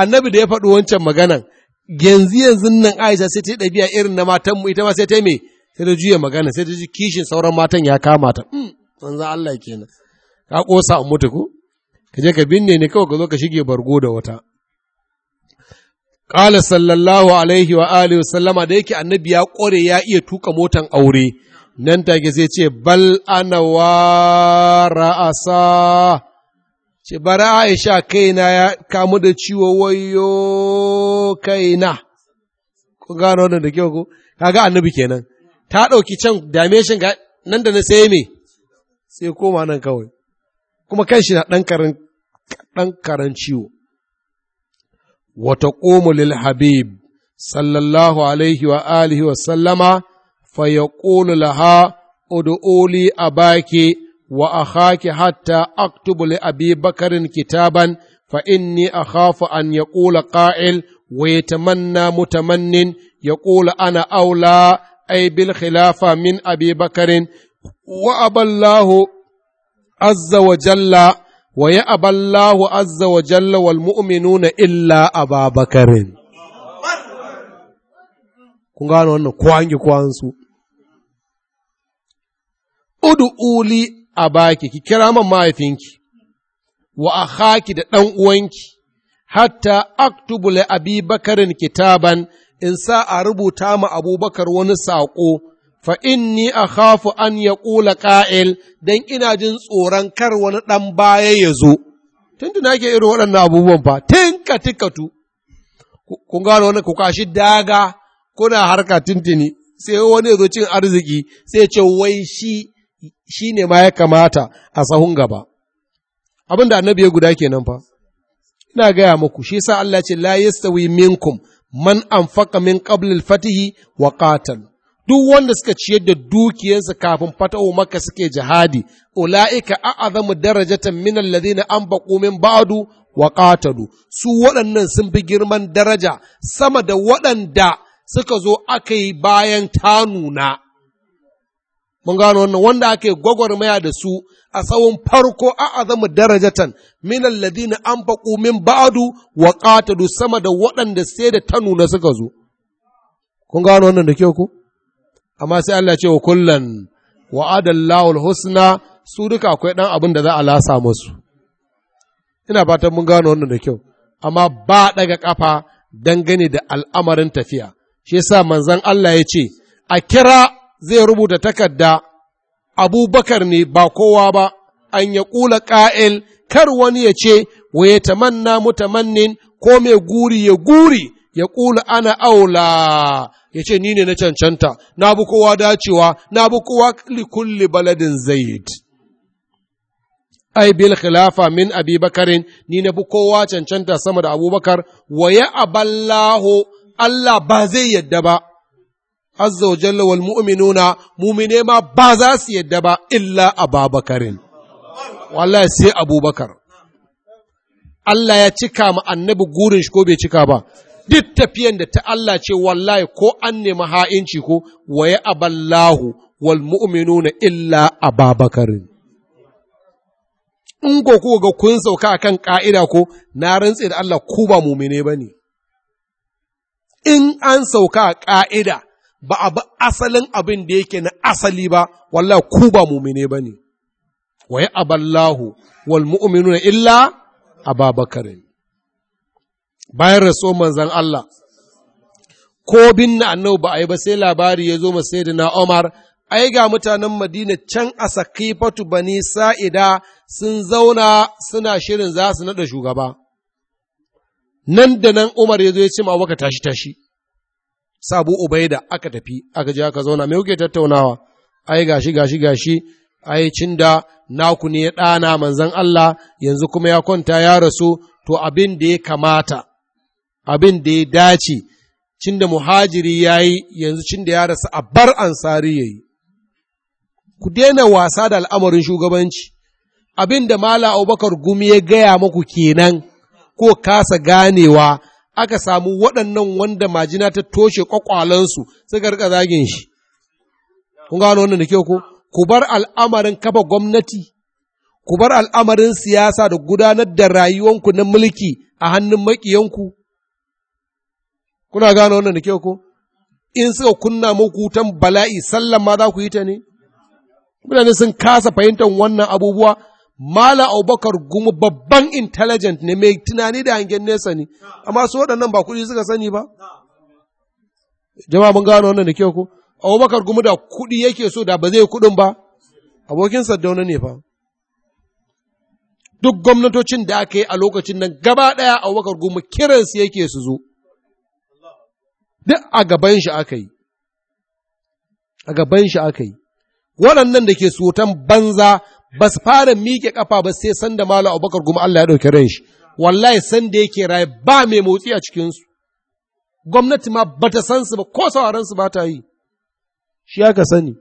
annabi da ya faɗi wancan maganan yanzu yanzu nan Aisha sai ta yi ɗabi'a irin na matanmu ita ma sai ta yi me sai da juya magana sai da ji kishin sauran matan ya kama ta hmm, manzo Allah kenan ka kosa a mutu ku ka je ka binne ne kawai ka zo ka shige bargo da wata qala sallallahu alaihi wa alihi wa sallama da yake annabi ya kore ya iya tuka motan aure nan take sai ce bal ana wa ra'asa ce bara Aisha kaina ya kamu da ciwo wayo kaina ku gano da kyau ko kaga annabi kenan ta ɗauki can dame shi ga nan da na sai me sai koma nan kawai kuma kan shi na ɗan karin ɗan karan ciwo wata habib sallallahu alaihi wa alihi wa sallama fa ya laha ud'uli abaki wa akhaki hatta aktubu li abi bakarin kitaban fa inni akhafu an yaqula qa'il wa yatamanna mutamannin yaqulu ana aula أي بالخلافة من أبي بكر وأبى الله عز وجل ويأبى الله عز وجل والمؤمنون إلا udu uli abaki ki kira man mahaifinki wa da ɗan uwanki hatta aktubu li abi bakarin kitaban in sa a rubuta ma abubakar wani saƙo, fa inni a khafu an ya ƙula ƙa'il don ina jin tsoron kar wani ɗan baya ya zo. tuna ke irin waɗannan abubuwan fa, ka tikatu. Kun gano wani ku kashi daga kuna harka tuntuni, sai wani ya zo cin arziki, sai ce wai shi ne ma ya kamata a sahun gaba. Abin da annabi ya guda kenan fa. Ina gaya muku, shi sa Allah ce la yastawi minkum man anfaqa min qabl fatihi wa qatal duk wanda suka ciyar da dukiyarsa kafin fatawo maka suke jihadi ula'ika a'azamu darajatan min alladhina baƙo min ba'du wa qatalu su waɗannan sun fi girman daraja sama da waɗanda suka zo aka yi bayan ta nuna mun gano wannan wanda ake gwagwarmaya da su a tsawon farko a azamu darajatan min alladhina anfaqu min ba'du wa qatadu sama da waɗanda sai da ta nuna suka zo kun gano wannan da kyau ku amma sai Allah ce wa kullan wa adallahu husna su duka akwai dan abin da za a lasa musu ina fatan mun gano wannan da kyau amma ba daga kafa dangane da al'amarin tafiya shi yasa manzon Allah ya ce a kira zai rubuta takarda abubakar ne ba kowa ba an ya ƙula ƙa'il kar wani ya ce wa ya tamanna mutamannin ko mai guri ya guri ya ƙula ana aula ya ce ni ne na cancanta na bu kowa dacewa na bu kowa kulli baladin zaid ai bil khilafa min abubakarin ni na bu kowa cancanta sama da abubakar wa ya aballahu Allah ba zai yadda ba azza wa jalla wal mu'minuna mu'mine ma ba za su yadda ba illa ababakarin wallahi sai abubakar Allah ya cika ma annabi gurin shi ko bai cika ba duk tafiyan da ta Allah ce wallahi ko an nemi ha'inci ko waye aballahu wal mu'minuna illa ababakarin in ko ga kun sauka kan ka'ida ko na rantse da Allah ku ba mumine bane in an sauka a ka'ida ba a ba asalin abin da yake na asali ba wallahi ku ba mumine ba ne wa ya aballahu wal mu'minuna illa ababakarin bayan raso manzan Allah ko binne annau ba a yi ba sai labari ya zo ma sayyidina Umar ai ga mutanen Madina can a sakifatu bani sa'ida sun zauna suna shirin za su naɗa shugaba. Nan da nan Umar ya zo ya ce ma tashi tashi. sabu ubaida aka tafi aka je aka zauna me kuke tattaunawa ai gashi gashi gashi ai cin da naku ne ɗana manzan Allah yanzu kuma ya kwanta ya rasu to abin da ya kamata abin da ya dace cin da muhajiri ya yi yanzu cin da ya rasu a bar ansari ya yi ku daina wasa da al'amarin shugabanci abin da mala abubakar gumi ya gaya maku kenan ko kasa ganewa aka samu waɗannan wanda majina ta toshe ƙwaƙwalansu suka rika zagin shi. Kun gano wannan da kyau ko? Ku bar al'amarin kafa gwamnati, ku bar al'amarin siyasa da gudanar da rayuwanku na mulki a hannun maƙiyanku. Kuna gano wannan da kyau ko? In suka kunna muku wutan bala'i, sallan ma za ku yi ta ne? Mutane sun kasa fahimtar wannan abubuwa Mala Abubakar gumu babban intelligent ne mai tunani da hangen nesa ne, amma su waɗannan ba kuɗi suka sani ba? Jama'a mun gano wannan da kyau ko? Abubakar gumu da kuɗi yake so da ba zai kuɗin ba, abokin Saddauna ne fa. Duk gwamnatocin da aka yi a lokacin nan gaba ɗaya Abubakar gumu kiransu yake su zo. Duk a gaban shi aka yi. A gaban shi aka yi. Waɗannan da ke sutan banza ba su fara miƙe ƙafa ba sai san da malu Abubakar kuma Allah ya ɗauki ran shi wallahi san da yake raye ba mai motsi a cikinsu gwamnati ma ba ta san su ba ko sauraron su ba ta yi shi aka sani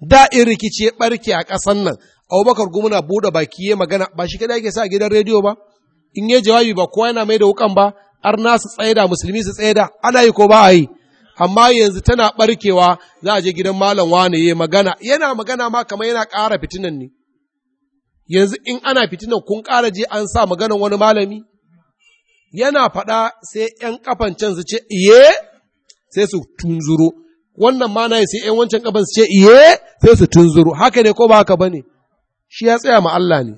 da in rikice barke a ƙasan nan Abubakar kuma na buɗe baki ya magana ba shi kada yake sa gidan rediyo ba in yi jawabi ba kowa yana mai da wukan ba har na su da musulmi su da ana yi ko ba a yi amma yanzu tana barkewa za a je gidan malam wane ya magana yana magana ma kamar yana ƙara fitinan ne yanzu in ana fitina kun ƙara je an sa maganan wani malami? Yana faɗa sai ‘yan ƙafan can su ce, iye, sai su tunzuro, wannan ma na sai ‘yan wancan ƙafan su ce, iye, sai su tunzuro, haka ne ko ba haka ba ne, shi ya tsaya ma Allah ne.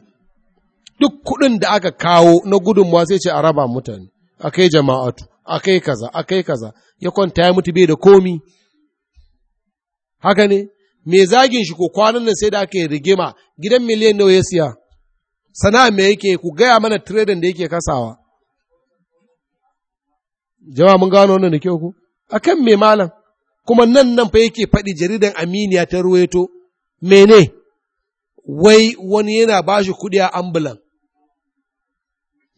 Duk kuɗin da aka kawo na gudunmawa sai ce a raba mutane, a kai jama'atu, a kai kaza, a kai kaza, ya kwanta ya mutu bai da komi. Haka ne, me zagin shi ko kwanan nan sai da aka yi rigima gidan miliyan nawa ya siya sana'a me yake ku gaya mana tiredin da yake kasawa jama'a mun gano wannan da kyau ku kan me malam kuma nan nan fa yake faɗi jaridan aminiya ta ruwaito mene wai wani yana ba shi kuɗi a ambulan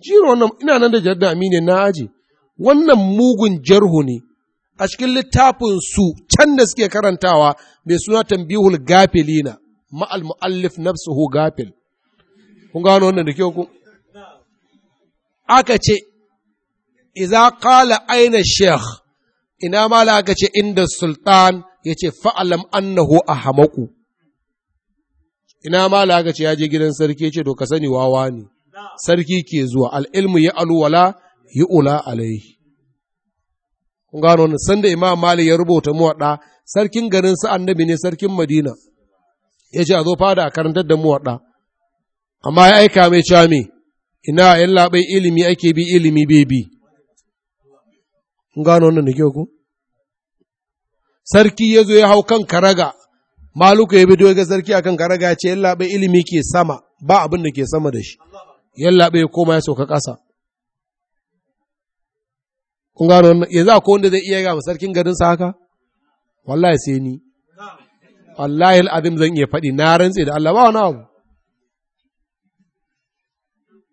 jiro wannan ina nan da jaridan aminiya na aji wannan mugun jarhu ne a cikin littafin su can da suke karantawa mai suna tambihul gafilina ma'al mu'allif nafsuhu gafil kun gano wannan da ke ku aka ce iza qala aina sheikh ina mala aka ce inda sultan ya ce fa'alam annahu hamaku ina mala aka ce ya je gidan sarki ce to ka sani wawa ne sarki ke zuwa al ya alwala yi ula alaihi kun gano san sanda imam mali ya rubuta muwaɗa sarkin garin su annabi ne sarkin madina ya ce a zo fada a karantar da muwaɗa amma ya aika mai cewa me ina yan labai ilimi ake bi ilimi bai bi kun gano wannan da kyau ku sarki ya zo ya hau kan karaga maluku ya bi ga sarki akan karaga ya ce yan labai ilimi ke sama ba abin da ke sama da shi yan labai ya koma ya sauka ƙasa kun gano wannan yanzu akwai wanda zai iya ga sarkin garin sa haka wallahi sai ni wallahi al'adim zan iya faɗi na rantse da Allah ba wani abu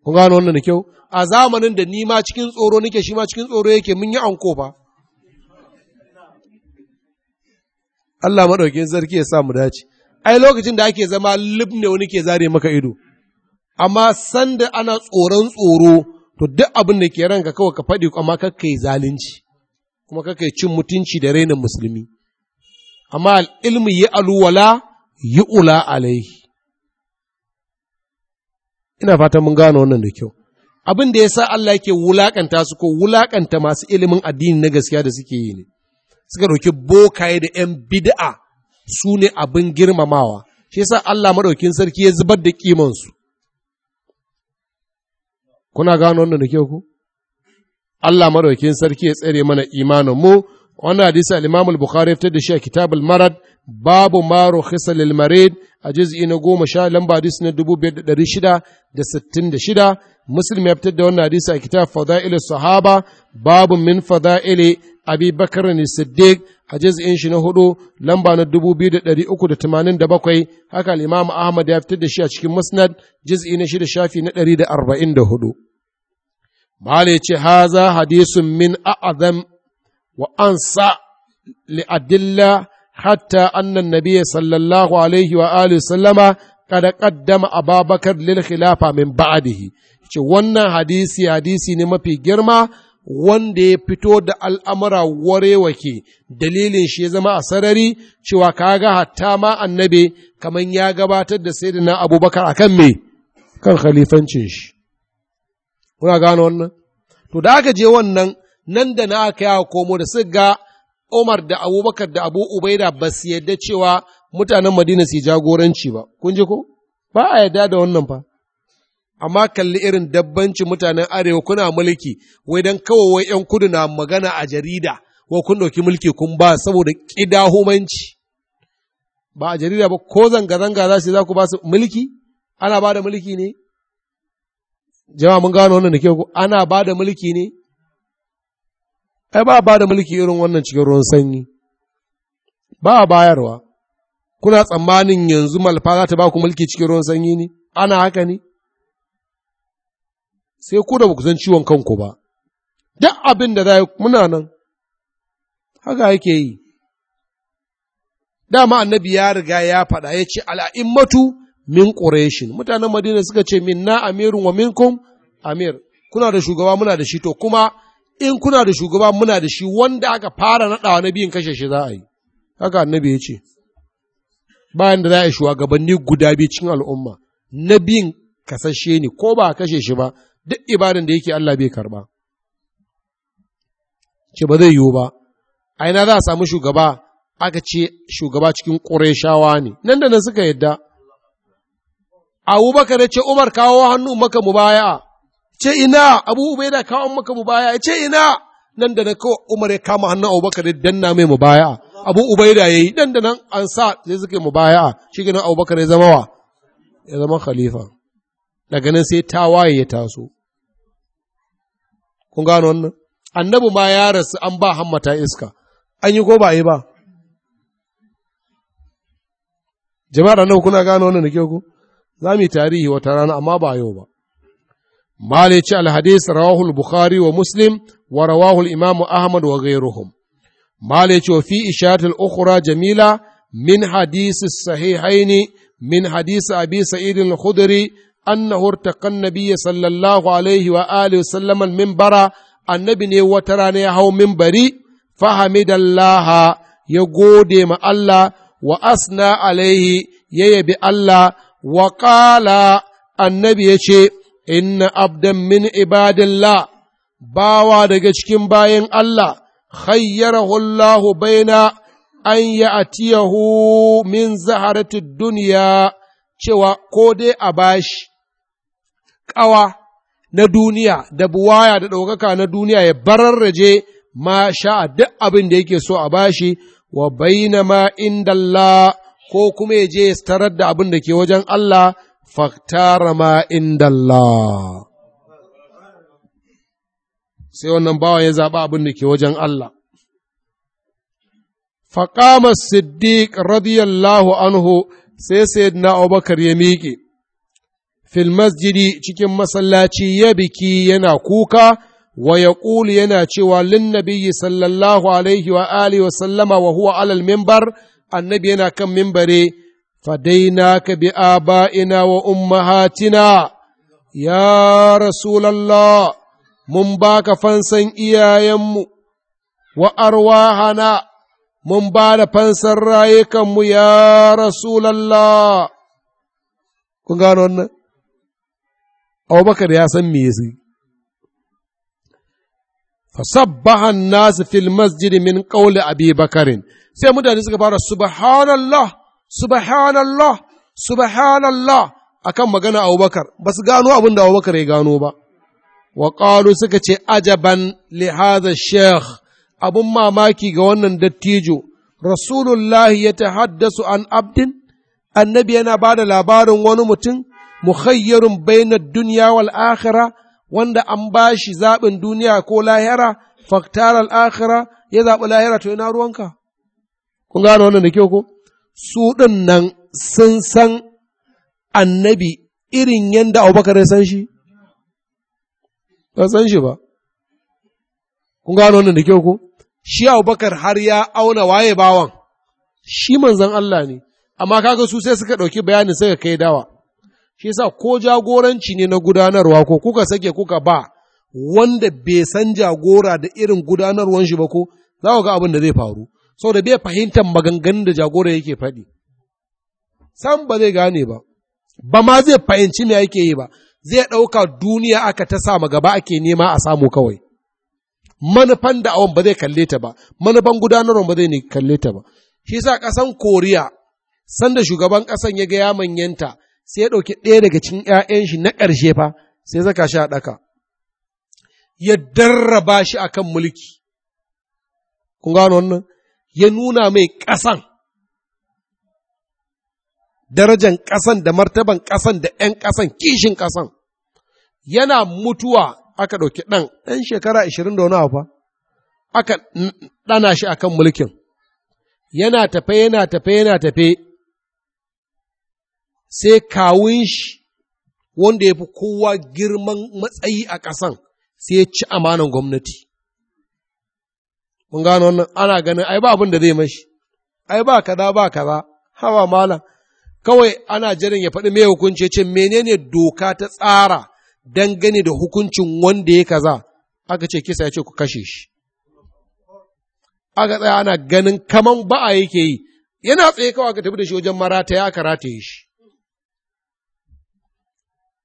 kun gano wannan da kyau a zamanin da ni ma cikin tsoro nake shi ma cikin tsoro yake mun yi anko fa Allah madaukin sarki ya sa mu dace ai lokacin da ake zama libne wani ke zare maka ido amma sanda ana tsoron tsoro to duk abin da ke ranka kawai ka faɗi amma kakka yi zalunci kuma kakka yi cin mutunci da rainin musulmi amma ilmi ya aluwala yi ula alaihi ina fatan mun gano wannan da kyau abin da ya sa Allah yake wulakanta su ko wulakanta masu ilimin addini na gaskiya da suke yi ne suka ɗauki bokaye da ‘yan bid'a su ne abin girmamawa shi yasa Allah maɗaukin sarki ya zubar da kimansu Kuna gano wannan da kyau ku? Allah maraukin sarki ya tsere mana imanin mu, wannan hadisi al-Imam al-Bukhari ya fitar da shi a al Marad babu maro khisa lil marid a juz'i na goma sha lamba hadisi na dubu da sittin da shida muslim ya fitar da wannan hadisi a kitab fada'il sahaba babu min fada'il abi bakar ne siddiq a juz'in shi na hudu lamba na 2387 haka al-imam ahmad ya fitar da shi a cikin musnad juz'i na shida shafi na 144 malai ce haza hadisun min a'azam wa ansa li'adilla hatta annan nabiyya sallallahu alaihi wa alihi kada lil khilafa min ba'dihi ce wannan hadisi hadisi ne mafi girma wanda ya fito da al'amura warewa ke dalilin shi ya zama a sarari cewa kaga hatta ma annabi kamar ya gabatar da sai na abubakar a kan me kan khalifancin shi. Kuna gano wannan? To da aka je wannan nan da na aka yawa komo da ga Umar da abubakar da abu Ubaida ba su yadda cewa mutanen Madina su jagoranci ba. Kun ji ko? Ba a yadda da wannan fa. amma kalli irin dabbanci mutanen arewa kuna mulki wai dan kawai wai yan kudu na magana a jarida wa kun ɗauki mulki kun ba saboda ƙidahumanci ba a jarida ba ko zanga-zanga za su za ku ba su mulki ana ba da mulki ne jama'a mun gano wannan da ke ku ana ba da mulki ne ai ba ba da mulki irin wannan cikin ruwan sanyi ba bayarwa kuna tsammanin yanzu malfa za ta ba ku mulki cikin ruwan sanyi ne ana haka ne sai ku da ba ku san ciwon kanku ba, duk abin da za muna nan, haka yake yi. Dama annabi ya riga ya faɗa ya ce matu min ƙureshin, mutanen Madina suka ce min na amirun wa minkum amir, kuna da shugaba muna da shi to kuma in kuna da shugaba muna da shi wanda aka fara naɗawa na biyun kashe shi za a yi, haka annabi ya ce. Bayan da za a yi shugabanni guda biyu cikin al'umma, na biyun kasashe ne ko ba a kashe shi ba duk ibadan da yake Allah bai karba ce ba zai yiwu ba a ina za a samu shugaba aka ce shugaba cikin ƙureshawa ne nan da nan suka yadda abubakar ya ce umar kawo hannu maka mu baya ce ina abu da kawo maka mu baya ce ina nan da nan kawo umar ya kama hannu Abu baka ya danna mai mu baya abu da ya yi nan da nan an sa sai suka yi baya shi gina abubakar ya zama wa ya zama khalifa daga nan sai tawaye ya taso kun gano wannan annabi ma ya rasu an ba hammata iska an yi ko ba yi ba jama'ar annabi kuna gano wannan nake ku za mu yi tarihi wata rana amma ba yau ba malici alhadis rawahul bukhari wa muslim wa rawahul imam ahmad wa Gairuhu. malici wa fi ishatil ukhra jamila min hadis sahihaini min hadis abi sa'id al annahu irtaqa annabiyya sallallahu alaihi wa alihi wa sallam minbara annabi ne wata rana ya hau minbari fahamidallaha ya gode ma Allah wa asna alaihi ya yabi Allah wa qala annabi ya ce inna abdan min ibadillah bawa daga cikin bayan Allah khayyarahu Allahu baina an ya'tiyahu min zaharati duniya cewa ko dai a bashi ƙawa na duniya da buwaya da ɗaukaka na duniya ya bararraje ma sha'a duk abin da yake so a bashi wa baina ma inda Allah ko kuma ya je tarar da abin da ke wajen Allah faktara ma inda Allah sai wannan bawa ya zaɓa abin da ke wajen Allah faƙama siddiq radiyallahu anhu sai sayyidina Abubakar ya miƙe fil masjidi cikin masallaci ya biki yana kuka wa ya yana cewa lin nabiyyi sallallahu alaihi wa alihi wa sallama wa huwa alal mimbar annabi yana kan mimbare fadaina ka bi aba'ina wa ummahatina ya rasulallah mun baka fansan iyayenmu wa arwahana mun ba da fansar rayukanmu ya rasulallah kun gano wannan abubakar ya san me yasi fasabbahan nasu nas fil masjid min abi bakarin sai mutane suka fara subhanallah subhanallah subhanallah akan magana abubakar ba su gano abin da abubakar ya gano ba wa suka ce ajaban li hadha sheikh abun mamaki ga wannan dattijo rasulullahi ya haddasu an abdin annabi yana ba da labarin wani mutum mukhayyarun bainar duniya wal akhira wanda an ba shi zaɓin duniya ko lahira faktar al akhira ya zaɓi lahira to ina ruwanka kun gano wannan da kyau ko su ɗin nan sun san annabi irin yadda abubakar ya san shi ba san shi ba kun gano wannan da kyau ko shi abubakar har ya auna waye bawan shi manzon Allah ne amma kaga su sai suka ɗauki bayanin sai ka kai dawa shi yasa ko jagoranci ne na gudanarwa ko kuka sake kuka ba wanda bai san jagora da irin gudanarwan shi ba ko za ku ga abin da zai faru saboda bai fahimtar maganganun da jagora yake faɗi san ba zai gane ba ba ma zai fahimci me ake yi ba zai ɗauka duniya aka ta sa gaba ake nema a samu kawai manufan da awon ba zai kalle ta ba manufan gudanarwa ba zai kalle ta ba shi sa ƙasan koriya sanda shugaban ƙasan ya ga ya manyanta sai ya ɗauki ɗaya daga cikin ‘ya'yan shi na ƙarshe fa sai zaka shi a ɗaka, ya darraba shi a kan mulki, kun gano wannan, ya nuna mai ƙasan, darajan ƙasan da martaban ƙasan da ‘yan ƙasan, kishin ƙasan, yana mutuwa aka ɗauki ɗan, ɗan shekara ashirin da wani abu aka ɗana shi a kan mulkin, yana tafe, yana tafe, yana tafe. sai kawun shi wanda ya fi kowa girman matsayi a ƙasan sai ya ci amanan gwamnati. Mun gano wannan ana ganin ai ba abin da zai mashi, ai ba kaza ba kaza, hawa malam, kawai ana jiran ya faɗi mai hukunci ce menene doka ta tsara dangane da hukuncin wanda ya kaza, aka ce kisa ya ce ku kashe shi. Aka tsaya ana ganin kaman ba'a yake yi, yana tsaye kawai ka tafi da shi wajen marata ya aka rataye shi.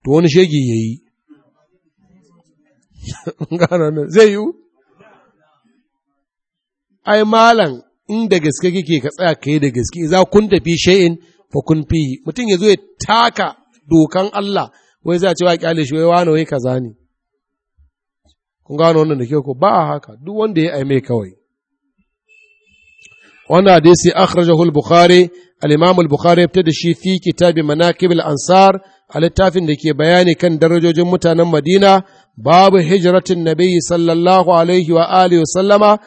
to wani shege ya yi zai yi ai malam in da gaske kike ka tsaya ka yi da gaske za kun tafi sha'in fa kun fi mutum ya zo ya taka dokan Allah wai za a ce wa kyale shi wai wani wai kaza ne kun gano wannan da ke ko ba haka duk wanda ya aime kawai wannan sai akhrajahu al-bukhari al-imam al-bukhari ya da shi fi kitabi manaqib al-ansar a littafin da ke bayani kan darajojin mutanen madina babu hijratin nabiyyi sallallahu alaihi wa alihi sallama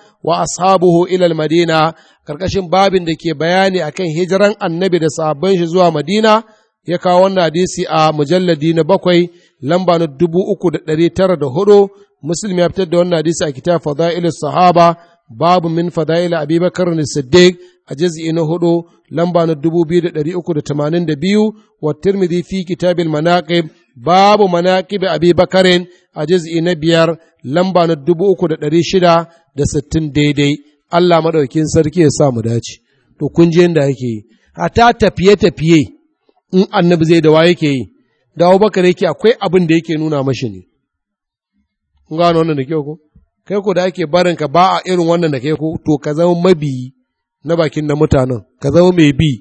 madina karkashin babin da ke bayani a kan hijiran annabi da sahabban shi zuwa madina ya kawo wannan adisi a mujalladi na bakwai lamba na dubu uku da ɗari tara da hudu muslim ya fitar da wannan hadisi a kitab fada'il sahaba babu min fada'il abubakar siddiq a jazi'i na hudu lamba na dubu biyu da ɗari uku da tamanin da biyu wa tirmidhi fi kitabil manaqib babu manaqib abi bakarin a jazi'i na biyar lamba na dubu uku da ɗari shida da sittin daidai Allah maɗaukin sarki ya sa mu dace to kun je inda yake yi a ta tafiye tafiye in annabi zai da wa yake yi da Abubakar yake akwai abin da yake nuna mashi ne kun gano wannan da kyau ko kai ko da ake barin ka ba a irin wannan da kai ko to ka zama mabiyi na bakin na mutanen ka zama mai bi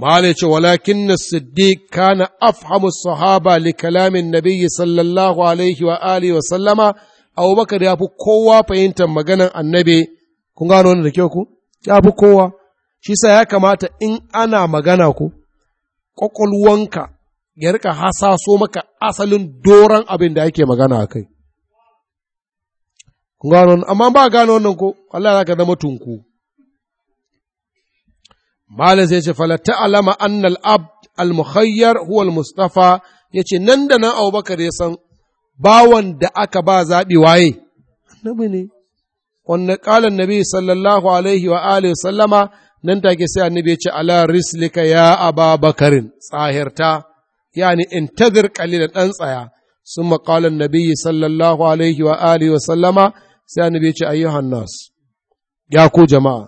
Mala ce walakin na siddiq kana afhamu sahaba li kalamin nabiyyi sallallahu alaihi wa alihi wa sallama Abubakar ya fi kowa fahimtar maganar annabi kun gano wani da kyau ku ya fi kowa shi sa ya kamata in ana magana ku ƙwaƙwalwanka ya rika hasaso maka asalin doron abin da ake magana a kai gano amma ba gano wannan ko Allah ya zaka zama tunku malam sai ya ce fala ta'lama anna al-abd al-mukhayyar huwa al-mustafa yace nan da nan Abubakar ya san bawan da aka ba zaɓi waye annabi ne wannan kala nabi sallallahu alaihi wa alihi sallama nan take sai annabi ya ce ala rislika ya ababakarin tsahirta yani intazir qalilan dan tsaya ثم قال النبي صلى الله عليه وآله وسلم sai annabi ce ayyuhan nas ya ku jama'a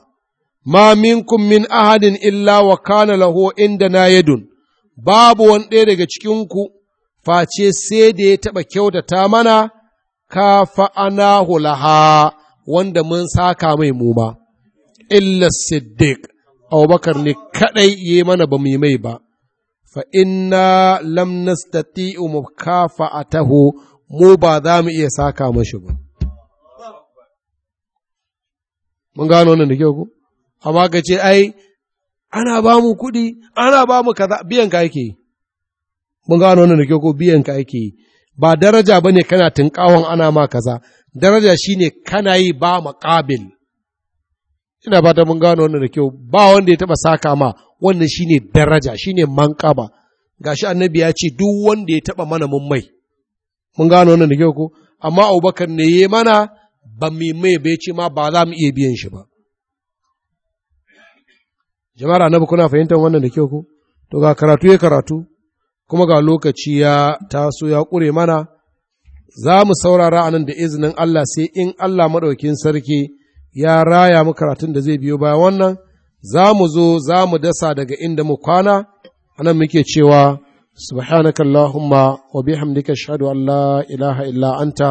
ma minkum min ahadin illa wa kana lahu inda na yadun babu wani ɗaya daga ku face sai da ya taɓa kyautata mana ka ana hulaha wanda mun saka mai mu ba illa siddiq abubakar ne kaɗai yi mana ba mai ba fa inna lam nastati'u mukafa'atahu mu ba za mu iya saka mashi ba mun gano wannan da kyau ko amma ka ce ai ana ba mu kuɗi ana ba mu kaza biyan ka yake yi mun gano wannan da kyau ko biyan ka yake yi ba daraja bane kana tunkawan ana ma kaza daraja shine kana yi ba maqabil ina fata mun gano wannan da kyau ba wanda ya taba saka ma wannan shine daraja shine manƙaba gashi annabi ya ce duk wanda ya taba mana mun mai mun gano wannan da kyau ko amma Abubakar ne yayi mana ba mai mai bai ce ma ba za mu iya biyan shi ba jama'ar annabi kuna fahimtar wannan da kyau ko to ga karatu ya karatu kuma ga lokaci ya taso ya ƙure mana za mu saurara anan da izinin Allah sai in Allah maɗaukin sarki ya raya mu karatun da zai biyo bayan wannan za mu zo za mu dasa daga inda mu kwana anan muke cewa subhanakallahumma wa bihamdika ashhadu shahadu Allah ilaha illa anta